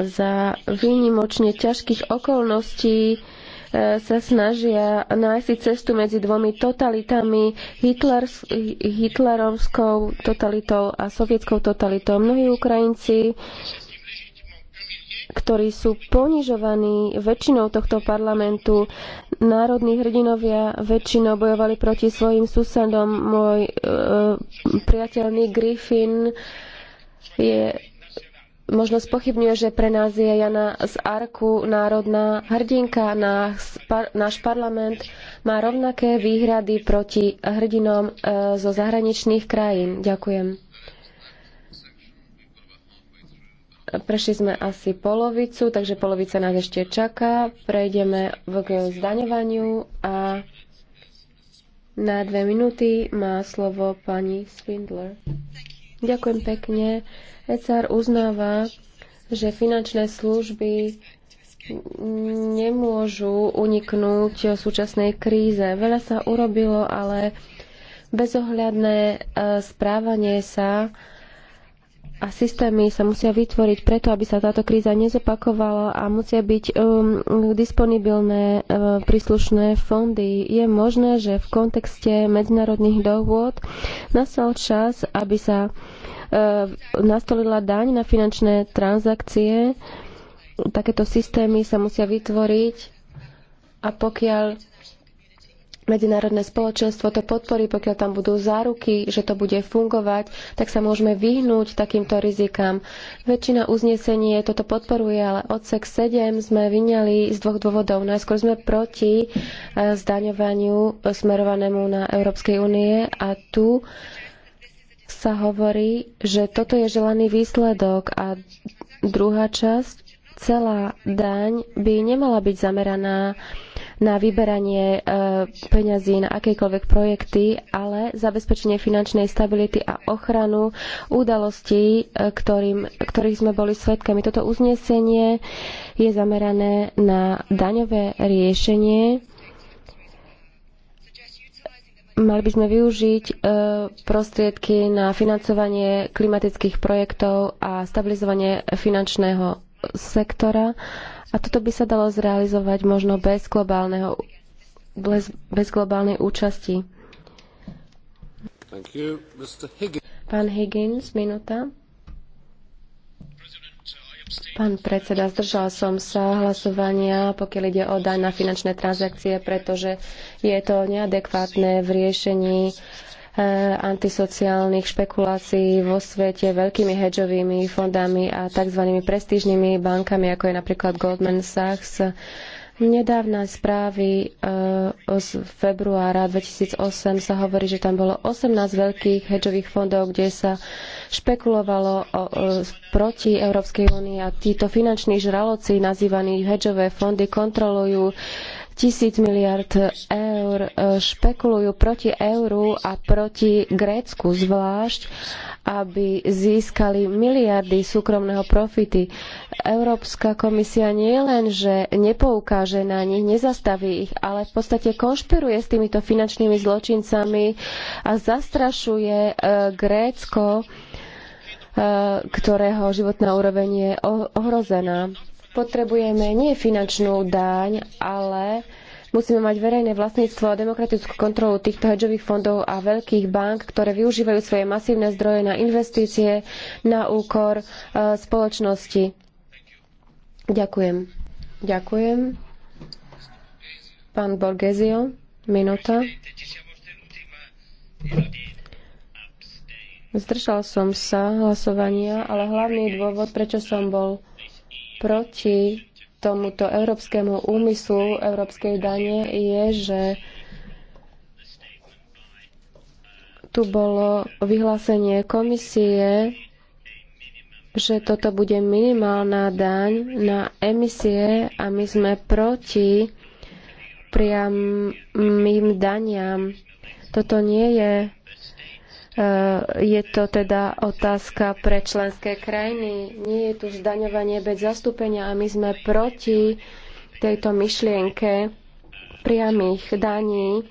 za výnimočne ťažkých okolností e, sa snažia nájsť cestu medzi dvomi totalitami, Hitler, hitlerovskou totalitou a sovietskou totalitou. Mnohí Ukrajinci ktorí sú ponižovaní väčšinou tohto parlamentu, národní hrdinovia väčšinou bojovali proti svojim susedom. Môj e, priateľný Griffin je možno spochybňuje, že pre nás je Jana z Arku národná hrdinka. Náš, par, náš parlament má rovnaké výhrady proti hrdinom e, zo zahraničných krajín. Ďakujem. Prešli sme asi polovicu, takže polovica nás ešte čaká. Prejdeme k zdaňovaniu a na dve minúty má slovo pani Swindler. Ďakujem pekne. ECR uznáva, že finančné služby nemôžu uniknúť súčasnej kríze. Veľa sa urobilo, ale bezohľadné eh, správanie sa a systémy sa musia vytvoriť preto, aby sa táto kríza nezopakovala a musia byť um, disponibilné um, príslušné fondy. Je možné, že v kontexte medzinárodných dohôd nastal čas, aby sa um, nastolila daň na finančné transakcie. Takéto systémy sa musia vytvoriť a pokiaľ medzinárodné spoločenstvo to podporí, pokiaľ tam budú záruky, že to bude fungovať, tak sa môžeme vyhnúť takýmto rizikám. Väčšina uznesenie toto podporuje, ale odsek 7 sme vyňali z dvoch dôvodov. Najskôr sme proti e, zdaňovaniu smerovanému na Európskej únie a tu sa hovorí, že toto je želaný výsledok a druhá časť, celá daň by nemala byť zameraná na vyberanie e, peňazí na akékoľvek projekty, ale zabezpečenie finančnej stability a ochranu udalostí, e, ktorým, ktorých sme boli svetkami. Toto uznesenie je zamerané na daňové riešenie mali by sme využiť e, prostriedky na financovanie klimatických projektov a stabilizovanie finančného sektora a toto by sa dalo zrealizovať možno bez, globálneho, bez, bez globálnej účasti. Thank you, Mr. Higgins. Pán Higgins, minúta. Pán predseda, zdržal som sa hlasovania, pokiaľ ide o daň na finančné transakcie, pretože je to neadekvátne v riešení uh, E, antisociálnych špekulácií vo svete veľkými hedžovými fondami a tzv. prestížnymi bankami, ako je napríklad Goldman Sachs. Nedávna správy e, z februára 2008 sa hovorí, že tam bolo 18 veľkých hedžových fondov, kde sa špekulovalo o, o, e, proti Európskej únii a títo finanční žraloci, nazývaní hedžové fondy, kontrolujú tisíc miliard eur e, špekulujú proti euru a proti Grécku zvlášť, aby získali miliardy súkromného profity. Európska komisia nie len, že nepoukáže na nich, nezastaví ich, ale v podstate konšpiruje s týmito finančnými zločincami a zastrašuje e, Grécko, e, ktorého životná úroveň je ohrozená Potrebujeme nie finančnú daň, ale musíme mať verejné vlastníctvo a demokratickú kontrolu týchto hedžových fondov a veľkých bank, ktoré využívajú svoje masívne zdroje na investície na úkor e, spoločnosti. Ďakujem. Ďakujem. Pán Borgesio, minúta. Zdržal som sa hlasovania, ale hlavný dôvod, prečo som bol proti tomuto európskemu úmyslu európskej dane je, že tu bolo vyhlásenie komisie, že toto bude minimálna daň na emisie a my sme proti priamým daniam. Toto nie je Eh, je to teda otázka pre členské krajiny. Nie je tu zdaňovanie bez zastúpenia a my sme proti tejto myšlienke priamých daní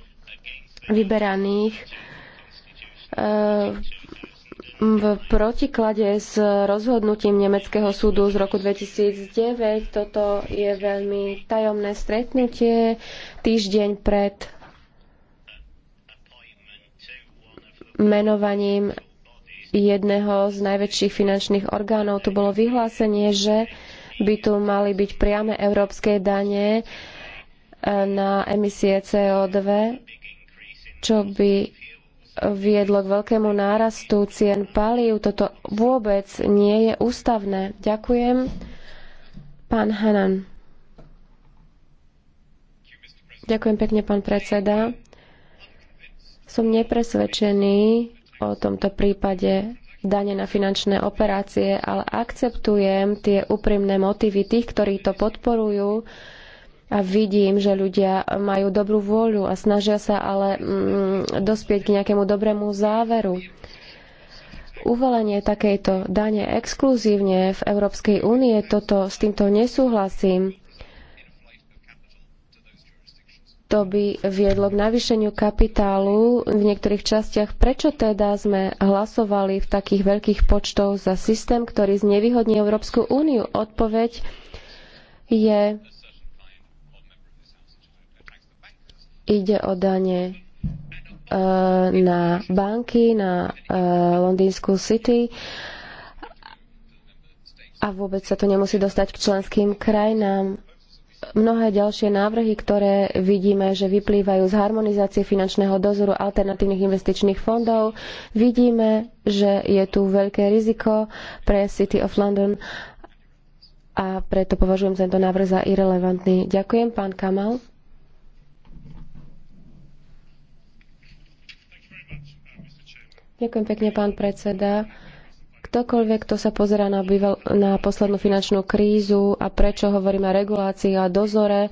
vyberaných eh, v protiklade s rozhodnutím Nemeckého súdu z roku 2009. Toto je veľmi tajomné stretnutie týždeň pred menovaním jedného z najväčších finančných orgánov. Tu bolo vyhlásenie, že by tu mali byť priame európske dane eh, na emisie CO2, čo by viedlo k veľkému nárastu cien palív. Toto vôbec nie je ústavné. Ďakujem. Pán Hanan. Ďakujem pekne, pán predseda. Som nepresvedčený o tomto prípade dane na finančné operácie, ale akceptujem tie úprimné motívy tých, ktorí to podporujú a vidím, že ľudia majú dobrú vôľu a snažia sa ale mm, dospieť k nejakému dobrému záveru. Uvolenie takejto dane exkluzívne v Európskej únie, toto s týmto nesúhlasím to by viedlo k navýšeniu kapitálu v niektorých častiach. Prečo teda sme hlasovali v takých veľkých počtoch za systém, ktorý znevýhodní Európsku úniu? Odpoveď je, ide o dane e, na banky, na e, londýnsku City a vôbec sa to nemusí dostať k členským krajinám mnohé ďalšie návrhy, ktoré vidíme, že vyplývajú z harmonizácie finančného dozoru alternatívnych investičných fondov, vidíme, že je tu veľké riziko pre City of London a preto považujem tento návrh za irrelevantný. Ďakujem, pán Kamal. Ďakujem pekne, pán predseda. Ktokoľvek, kto sa pozera na, býval, na poslednú finančnú krízu a prečo hovoríme o regulácii a dozore,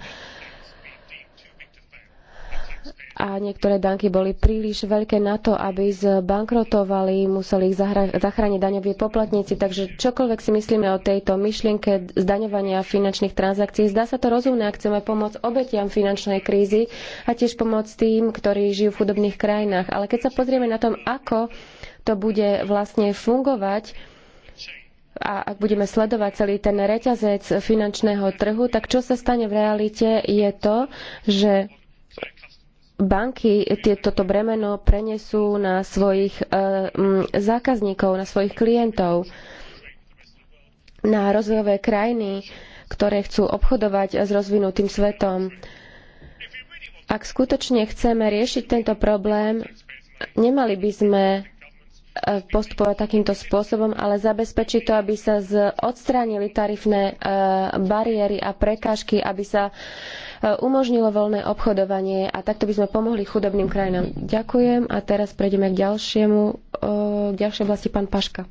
a niektoré banky boli príliš veľké na to, aby zbankrotovali, museli ich zachrániť daňoví poplatníci. Takže čokoľvek si myslíme o tejto myšlienke zdaňovania finančných transakcií, zdá sa to rozumné, ak chceme pomôcť obetiam finančnej krízy a tiež pomôcť tým, ktorí žijú v chudobných krajinách. Ale keď sa pozrieme na tom, ako to bude vlastne fungovať a ak budeme sledovať celý ten reťazec finančného trhu, tak čo sa stane v realite je to, že banky toto bremeno prenesú na svojich eh, zákazníkov, na svojich klientov, na rozvojové krajiny, ktoré chcú obchodovať s rozvinutým svetom. Ak skutočne chceme riešiť tento problém, nemali by sme E, postupovať takýmto spôsobom, ale zabezpečiť to, aby sa odstránili tarifné e, bariéry a prekážky, aby sa e, umožnilo voľné obchodovanie a takto by sme pomohli chudobným krajinám. Ďakujem a teraz prejdeme k ďalšiemu, k ďalšej oblasti, pán Paška.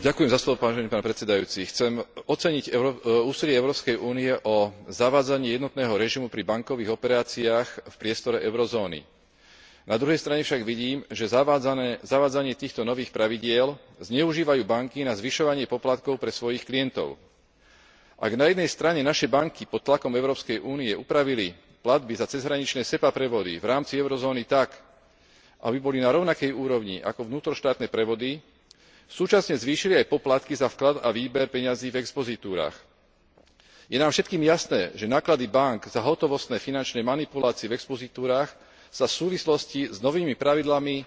chcem oceniť e, úsilie európskej únie o zavádzanie jednotného režimu pri bankových operáciách v priestore eurozóny. na druhej strane však vidím že zavádzanie týchto nových pravidiel zneužívajú banky na zvyšovanie poplatkov pre svojich klientov. ak na jednej strane naše banky pod tlakom európskej únie upravili platby za cezhraničné sepa prevody v rámci eurozóny tak aby boli na rovnakej úrovni ako vnútroštátne prevody súčasne zvýšili aj poplatky za vklad a výber peňazí v expozitúrach. je nám všetkým jasné že náklady bánk za hotovostné finančné manipulácie v expozitúrach sa v súvislosti s novými pravidlami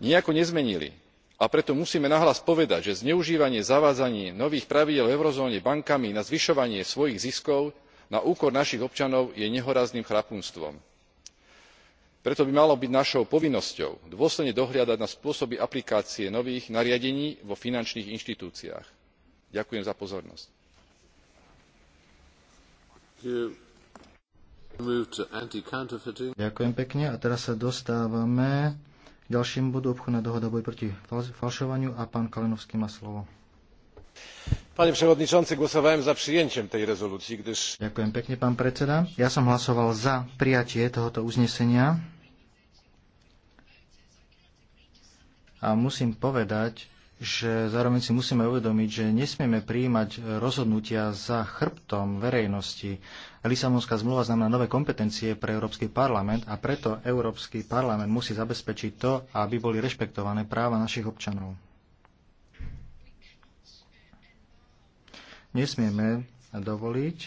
nijako nezmenili a preto musíme nahlas povedať že zneužívanie zavádzania nových pravidiel v eurozóne bankami na zvyšovanie svojich ziskov na úkor našich občanov je nehoráznym chrapunstvom preto by malo byť našou povinnosťou dôsledne dohliadať na spôsoby aplikácie nových nariadení vo finančných inštitúciách. ďakujem za pozornosť. Ďakujem pekne a teraz sa dostávame k proti falšovaniu a pán má slovo. Pane przewodniczący, głosowałem za przyjęciem tej rezolucji, gdyż... Ďakujem pekne, pán predseda. Ja som hlasoval za prijatie tohoto uznesenia. A musím povedať, že zároveň si musíme uvedomiť, že nesmieme prijímať rozhodnutia za chrbtom verejnosti. Lisabonská zmluva znamená nové kompetencie pre Európsky parlament a preto Európsky parlament musí zabezpečiť to, aby boli rešpektované práva našich občanov. nesmieme dovoliť,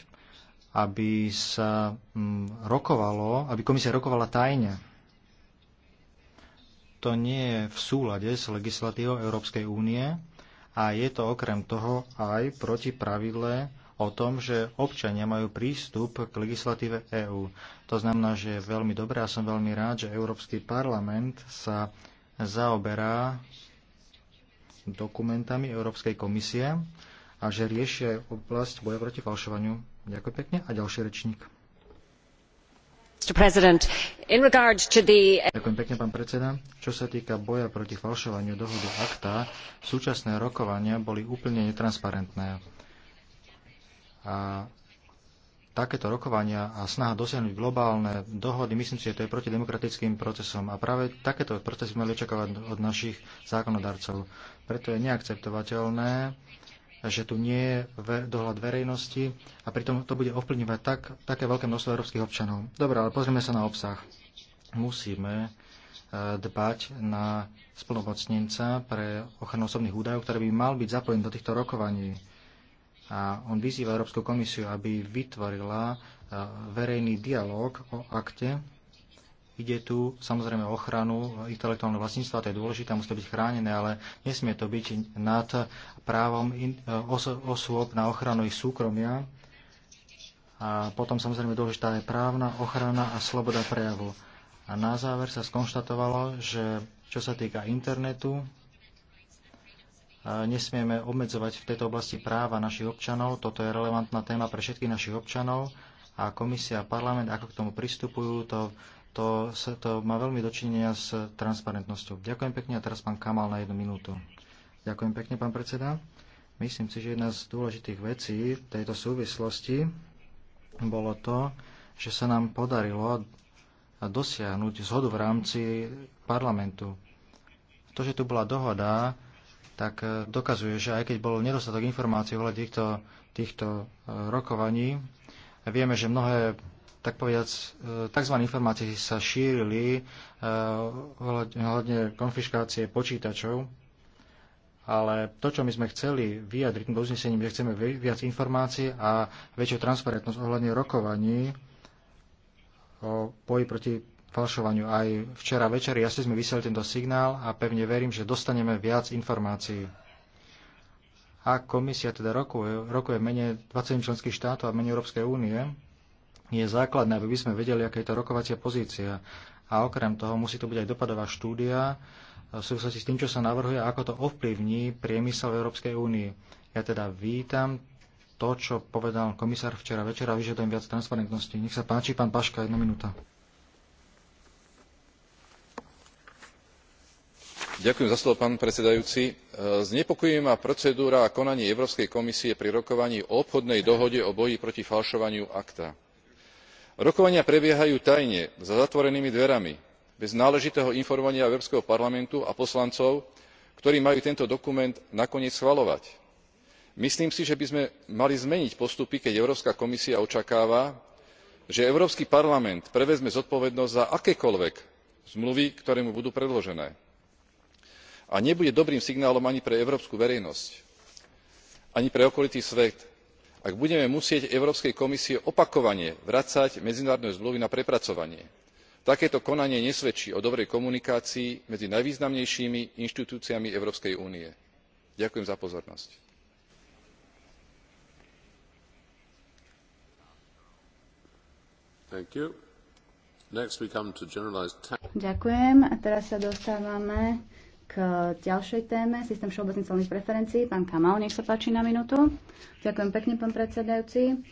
aby sa mm, rokovalo, aby komisia rokovala tajne. To nie je v súlade s legislatívou Európskej únie a je to okrem toho aj proti pravidle o tom, že občania majú prístup k legislatíve EÚ. To znamená, že je veľmi dobré a som veľmi rád, že Európsky parlament sa zaoberá dokumentami Európskej komisie a že riešia oblasť boja proti falšovaniu. Ďakujem pekne a ďalší rečník. Ďakujem pekne, pán predseda. Čo sa týka boja proti falšovaniu dohody akta, súčasné rokovania boli úplne netransparentné. A takéto rokovania a snaha dosiahnuť globálne dohody, myslím si, že to je proti demokratickým procesom. A práve takéto procesy mali očakávať od našich zákonodarcov. Preto je neakceptovateľné, že tu nie je dohľad verejnosti a pritom to bude ovplyvňovať tak, také veľké množstvo európskych občanov. Dobre, ale pozrieme sa na obsah. Musíme e, dbať na splnomocnenca pre ochranu osobných údajov, ktorý by mal byť zapojený do týchto rokovaní. A on vyzýva Európsku komisiu, aby vytvorila e, verejný dialog o akte Ide tu samozrejme o ochranu intelektuálneho vlastníctva, to je dôležité, musí to byť chránené, ale nesmie to byť nad právom in, eh, os, osôb na ochranu ich súkromia. A potom samozrejme dôležitá je právna ochrana a sloboda prejavu. A na záver sa skonštatovalo, že čo sa týka internetu, eh, nesmieme obmedzovať v tejto oblasti práva našich občanov. Toto je relevantná téma pre všetkých našich občanov a komisia a parlament, ako k tomu pristupujú, to to, sa to má veľmi dočinenia s transparentnosťou. Ďakujem pekne a teraz pán Kamal na jednu minútu. Ďakujem pekne, pán predseda. Myslím si, že jedna z dôležitých vecí tejto súvislosti bolo to, že sa nám podarilo dosiahnuť zhodu v rámci parlamentu. To, že tu bola dohoda, tak dokazuje, že aj keď bol nedostatok informácií ohľadne týchto, týchto eh, rokovaní, vieme, že mnohé tak povedať, e, tzv. informácie sa šírili e, hľadne konfiškácie počítačov, ale to, čo my sme chceli vyjadriť do uznesením, že chceme viac informácií a väčšiu transparentnosť ohľadne rokovaní o boji proti falšovaniu. Aj včera večer jasne sme vysielali tento signál a pevne verím, že dostaneme viac informácií. A komisia teda rokuje, rokuje 27 členských štátov a menej Európskej únie, je základné, aby by sme vedeli, aká je to rokovacia pozícia. A okrem toho musí to byť aj dopadová štúdia e, v súvislosti s tým, čo sa navrhuje a ako to ovplyvní priemysel v Európskej únie. Ja teda vítam to, čo povedal komisár včera večera, vyžadujem viac transparentnosti. Nech sa páči, pán Paška, jedna minúta. Ďakujem Slovo, pán e, znepokojuje ma procedúra a konanie európskej komisie pri rokovaní o obchodnej dohode o boji proti falšovaniu akta rokovania prebiehajú tajne za zatvorenými dverami bez náležitého informovania európskeho parlamentu a poslancov ktorí majú tento dokument nakoniec schvaľovať. myslím si že by sme mali zmeniť postupy keď európska komisia očakáva že európsky parlament prevezme zodpovednosť za akékoľvek zmluvy ktoré mu budú predložené a nebude dobrým signálom ani pre európsku verejnosť ani pre okolitý svet ak budeme musieť európskej komisii opakovane vracať medzinárodné zmluvy na prepracovanie. takéto konanie nesvedčí o dobrej komunikácii medzi najvýznamnejšími inštitúciami európskej únie. ďakujem za pozornosť. a teraz sa dostávame k ďalšej téme, systém všeobecných celných preferencií. Pán Kamal, nech sa páči na minútu. Ďakujem pekne, pán predsedajúci.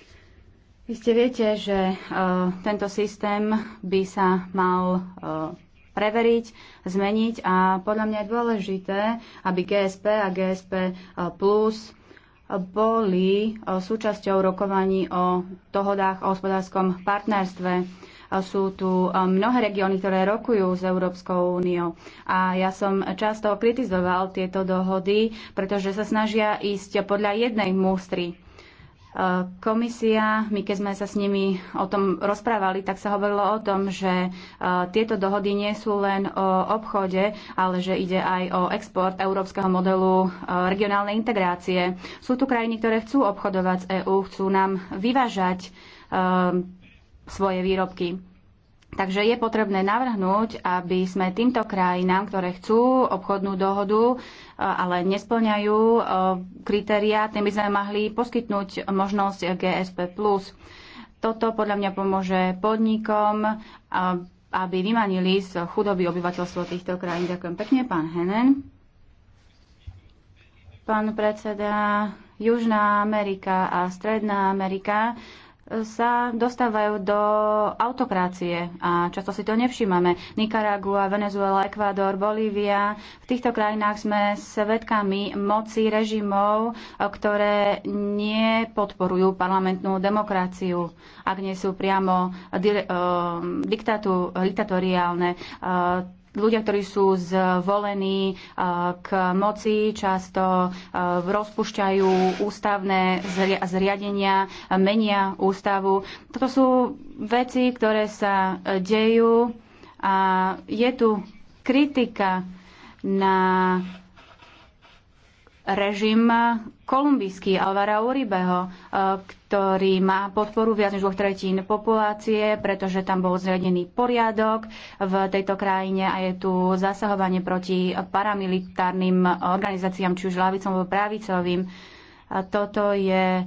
Vy ste viete, že uh, tento systém by sa mal uh, preveriť, zmeniť a podľa mňa je dôležité, aby GSP a GSP e, plus boli súčasťou rokovaní o dohodách o hospodárskom partnerstve. Sú tu mnohé regióny, ktoré rokujú s Európskou úniou. A ja som často kritizoval tieto dohody, pretože sa snažia ísť podľa jednej mústry. E, komisia, my keď sme sa s nimi o tom rozprávali, tak sa hovorilo o tom, že e, tieto dohody nie sú len o obchode, ale že ide aj o export európskeho modelu e, regionálnej integrácie. Sú tu krajiny, ktoré chcú obchodovať s EÚ, chcú nám vyvážať svoje výrobky. Takže je potrebné navrhnúť, aby sme týmto krajinám, ktoré chcú obchodnú dohodu, e, ale nesplňajú e, kritéria, tým by sme mohli poskytnúť možnosť GSP+. Toto podľa mňa pomôže podnikom, e, aby vymanili z chudoby obyvateľstvo týchto krajín. Ďakujem pekne, pán Henen. Pán predseda, Južná Amerika a Stredná Amerika sa dostávajú do autokrácie a často si to nevšímame. Nikaragua, Venezuela, Ekvádor, Bolívia. V týchto krajinách sme svedkami moci režimov, ktoré nepodporujú parlamentnú demokraciu, ak nie sú priamo eh, diktatoriálne eh, ľudia, ktorí sú zvolení k moci, často rozpušťajú ústavné zriadenia, menia ústavu. Toto sú veci, ktoré sa dejú a je tu kritika na režim kolumbijský Alvara Uribeho, e, ktorý má podporu viac než dvoch tretín populácie, pretože tam bol zriadený poriadok v tejto krajine a je tu zasahovanie proti paramilitárnym organizáciám, či už ľavicom alebo pravicovým. Toto je e,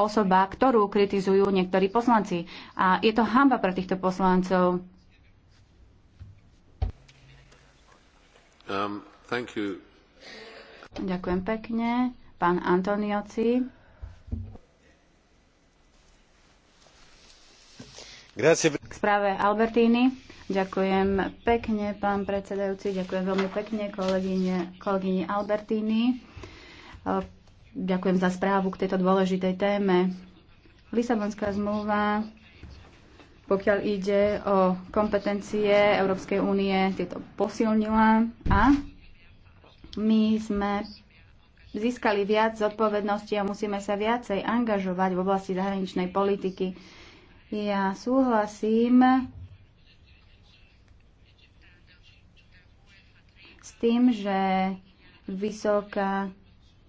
osoba, ktorú kritizujú niektorí poslanci. A je to hamba pre týchto poslancov. Um, thank you. Ďakujem pekne. Pán Antonioci. Grazie. K správe Albertíny. Ďakujem pekne, pán predsedajúci, ďakujem veľmi pekne kolegyne, kolegyni Albertíny. E, ďakujem za správu k tejto dôležitej téme. Lisabonská zmluva, pokiaľ ide o kompetencie Európskej únie, tieto posilnila a my sme získali viac zodpovednosti a musíme sa viacej angažovať v oblasti zahraničnej politiky. Ja súhlasím s tým, že vysoká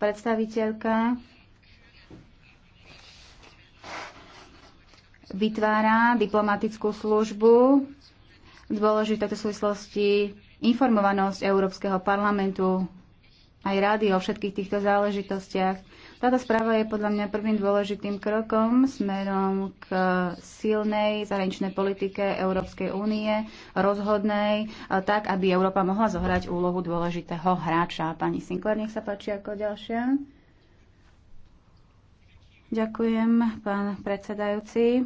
predstaviteľka vytvára diplomatickú službu. Dôležité v súvislosti informovanosť Európskeho parlamentu aj rady o všetkých týchto záležitostiach. Táto správa je podľa mňa prvým dôležitým krokom smerom k silnej zahraničnej politike Európskej únie, rozhodnej, tak, aby Európa mohla zohrať úlohu dôležitého hráča. Pani Sinclair, nech sa páči ako ďalšia. Ďakujem, pán predsedajúci.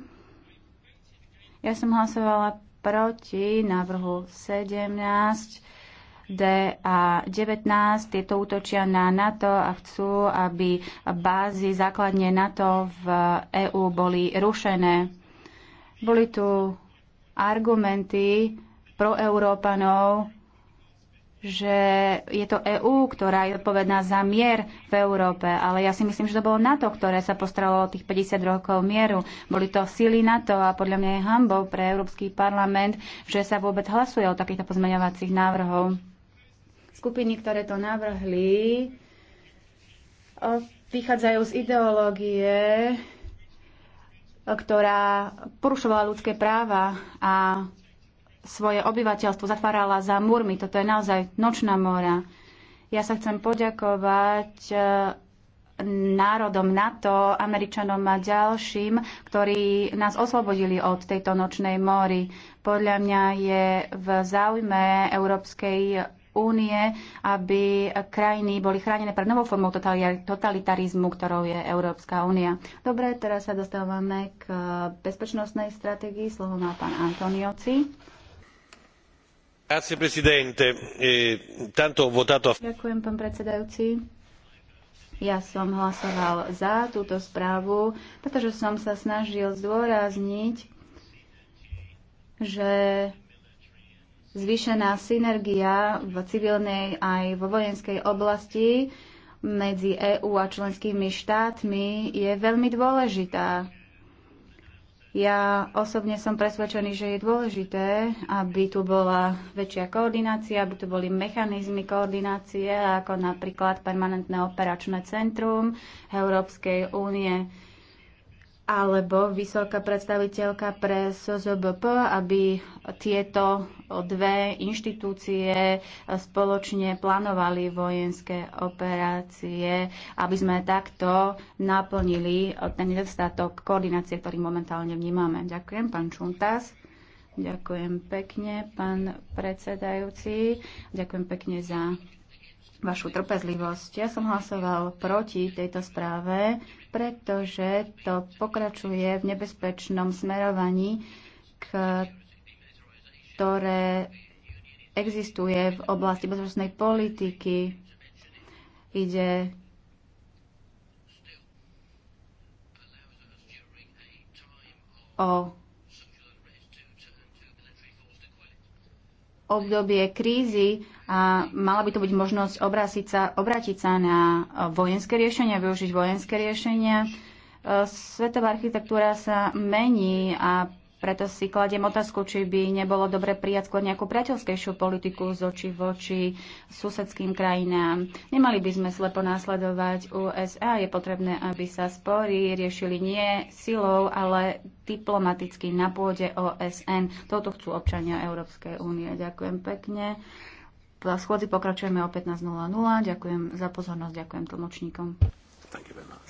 Ja som hlasovala proti návrhu 17 D a 19. Tieto útočia na NATO a chcú, aby bázy základne NATO v EÚ boli rušené. Boli tu argumenty pro Európanov, že je to EÚ, ktorá je odpovedná za mier v Európe, ale ja si myslím, že to bolo NATO, ktoré sa postaralo o tých 50 rokov mieru. Boli to síly NATO a podľa mňa je hambou pre Európsky parlament, že sa vôbec hlasuje o takýchto pozmeňovacích návrhov. Skupiny, ktoré to navrhli, vychádzajú z ideológie, ktorá porušovala ľudské práva a svoje obyvateľstvo zatvárala za múrmi. Toto je naozaj nočná mora. Ja sa chcem poďakovať e, národom NATO, Američanom a ďalším, ktorí nás oslobodili od tejto nočnej mori. Podľa mňa je v záujme Európskej únie, aby krajiny boli chránené pred novou formou totalitarizmu, ktorou je Európska únia. Dobre, teraz sa dostávame k bezpečnostnej stratégii. Slovo má pán Antonioci. E, Ďakujem, pán predsedajúci. Ja som hlasoval za túto správu, pretože som sa snažil zdôrazniť, že zvýšená synergia v civilnej aj vo vojenskej oblasti medzi EÚ a členskými štátmi je veľmi dôležitá ja osobne som presvedčený, že je dôležité, aby tu bola väčšia koordinácia, aby tu boli mechanizmy koordinácie, ako napríklad permanentné operačné centrum Európskej únie alebo vysoká predstaviteľka pre SZBP, aby tieto dve inštitúcie spoločne plánovali vojenské operácie, aby sme takto naplnili ten nedostatok koordinácie, ktorý momentálne vnímame. Ďakujem, pán Čuntas. Ďakujem pekne, pán predsedajúci. Ďakujem pekne za vašu trpezlivosť. Ja som hlasoval proti tejto správe, pretože to pokračuje v nebezpečnom smerovaní, ktoré existuje v oblasti bezpečnostnej politiky. Ide o obdobie krízy a mala by to byť možnosť obrátiť sa, obrátiť sa na vojenské riešenia, využiť vojenské riešenia. E, svetová architektúra sa mení a preto si kladiem otázku, či by nebolo dobre prijať skôr nejakú priateľskejšiu politiku z v voči susedským krajinám. Nemali by sme slepo následovať USA. Je potrebné, aby sa spory riešili nie silou, ale diplomaticky na pôde OSN. Toto chcú občania Európskej únie. Ďakujem pekne v schôdzi pokračujeme o 15.00. Ďakujem za pozornosť, ďakujem tlmočníkom. Thank you very much.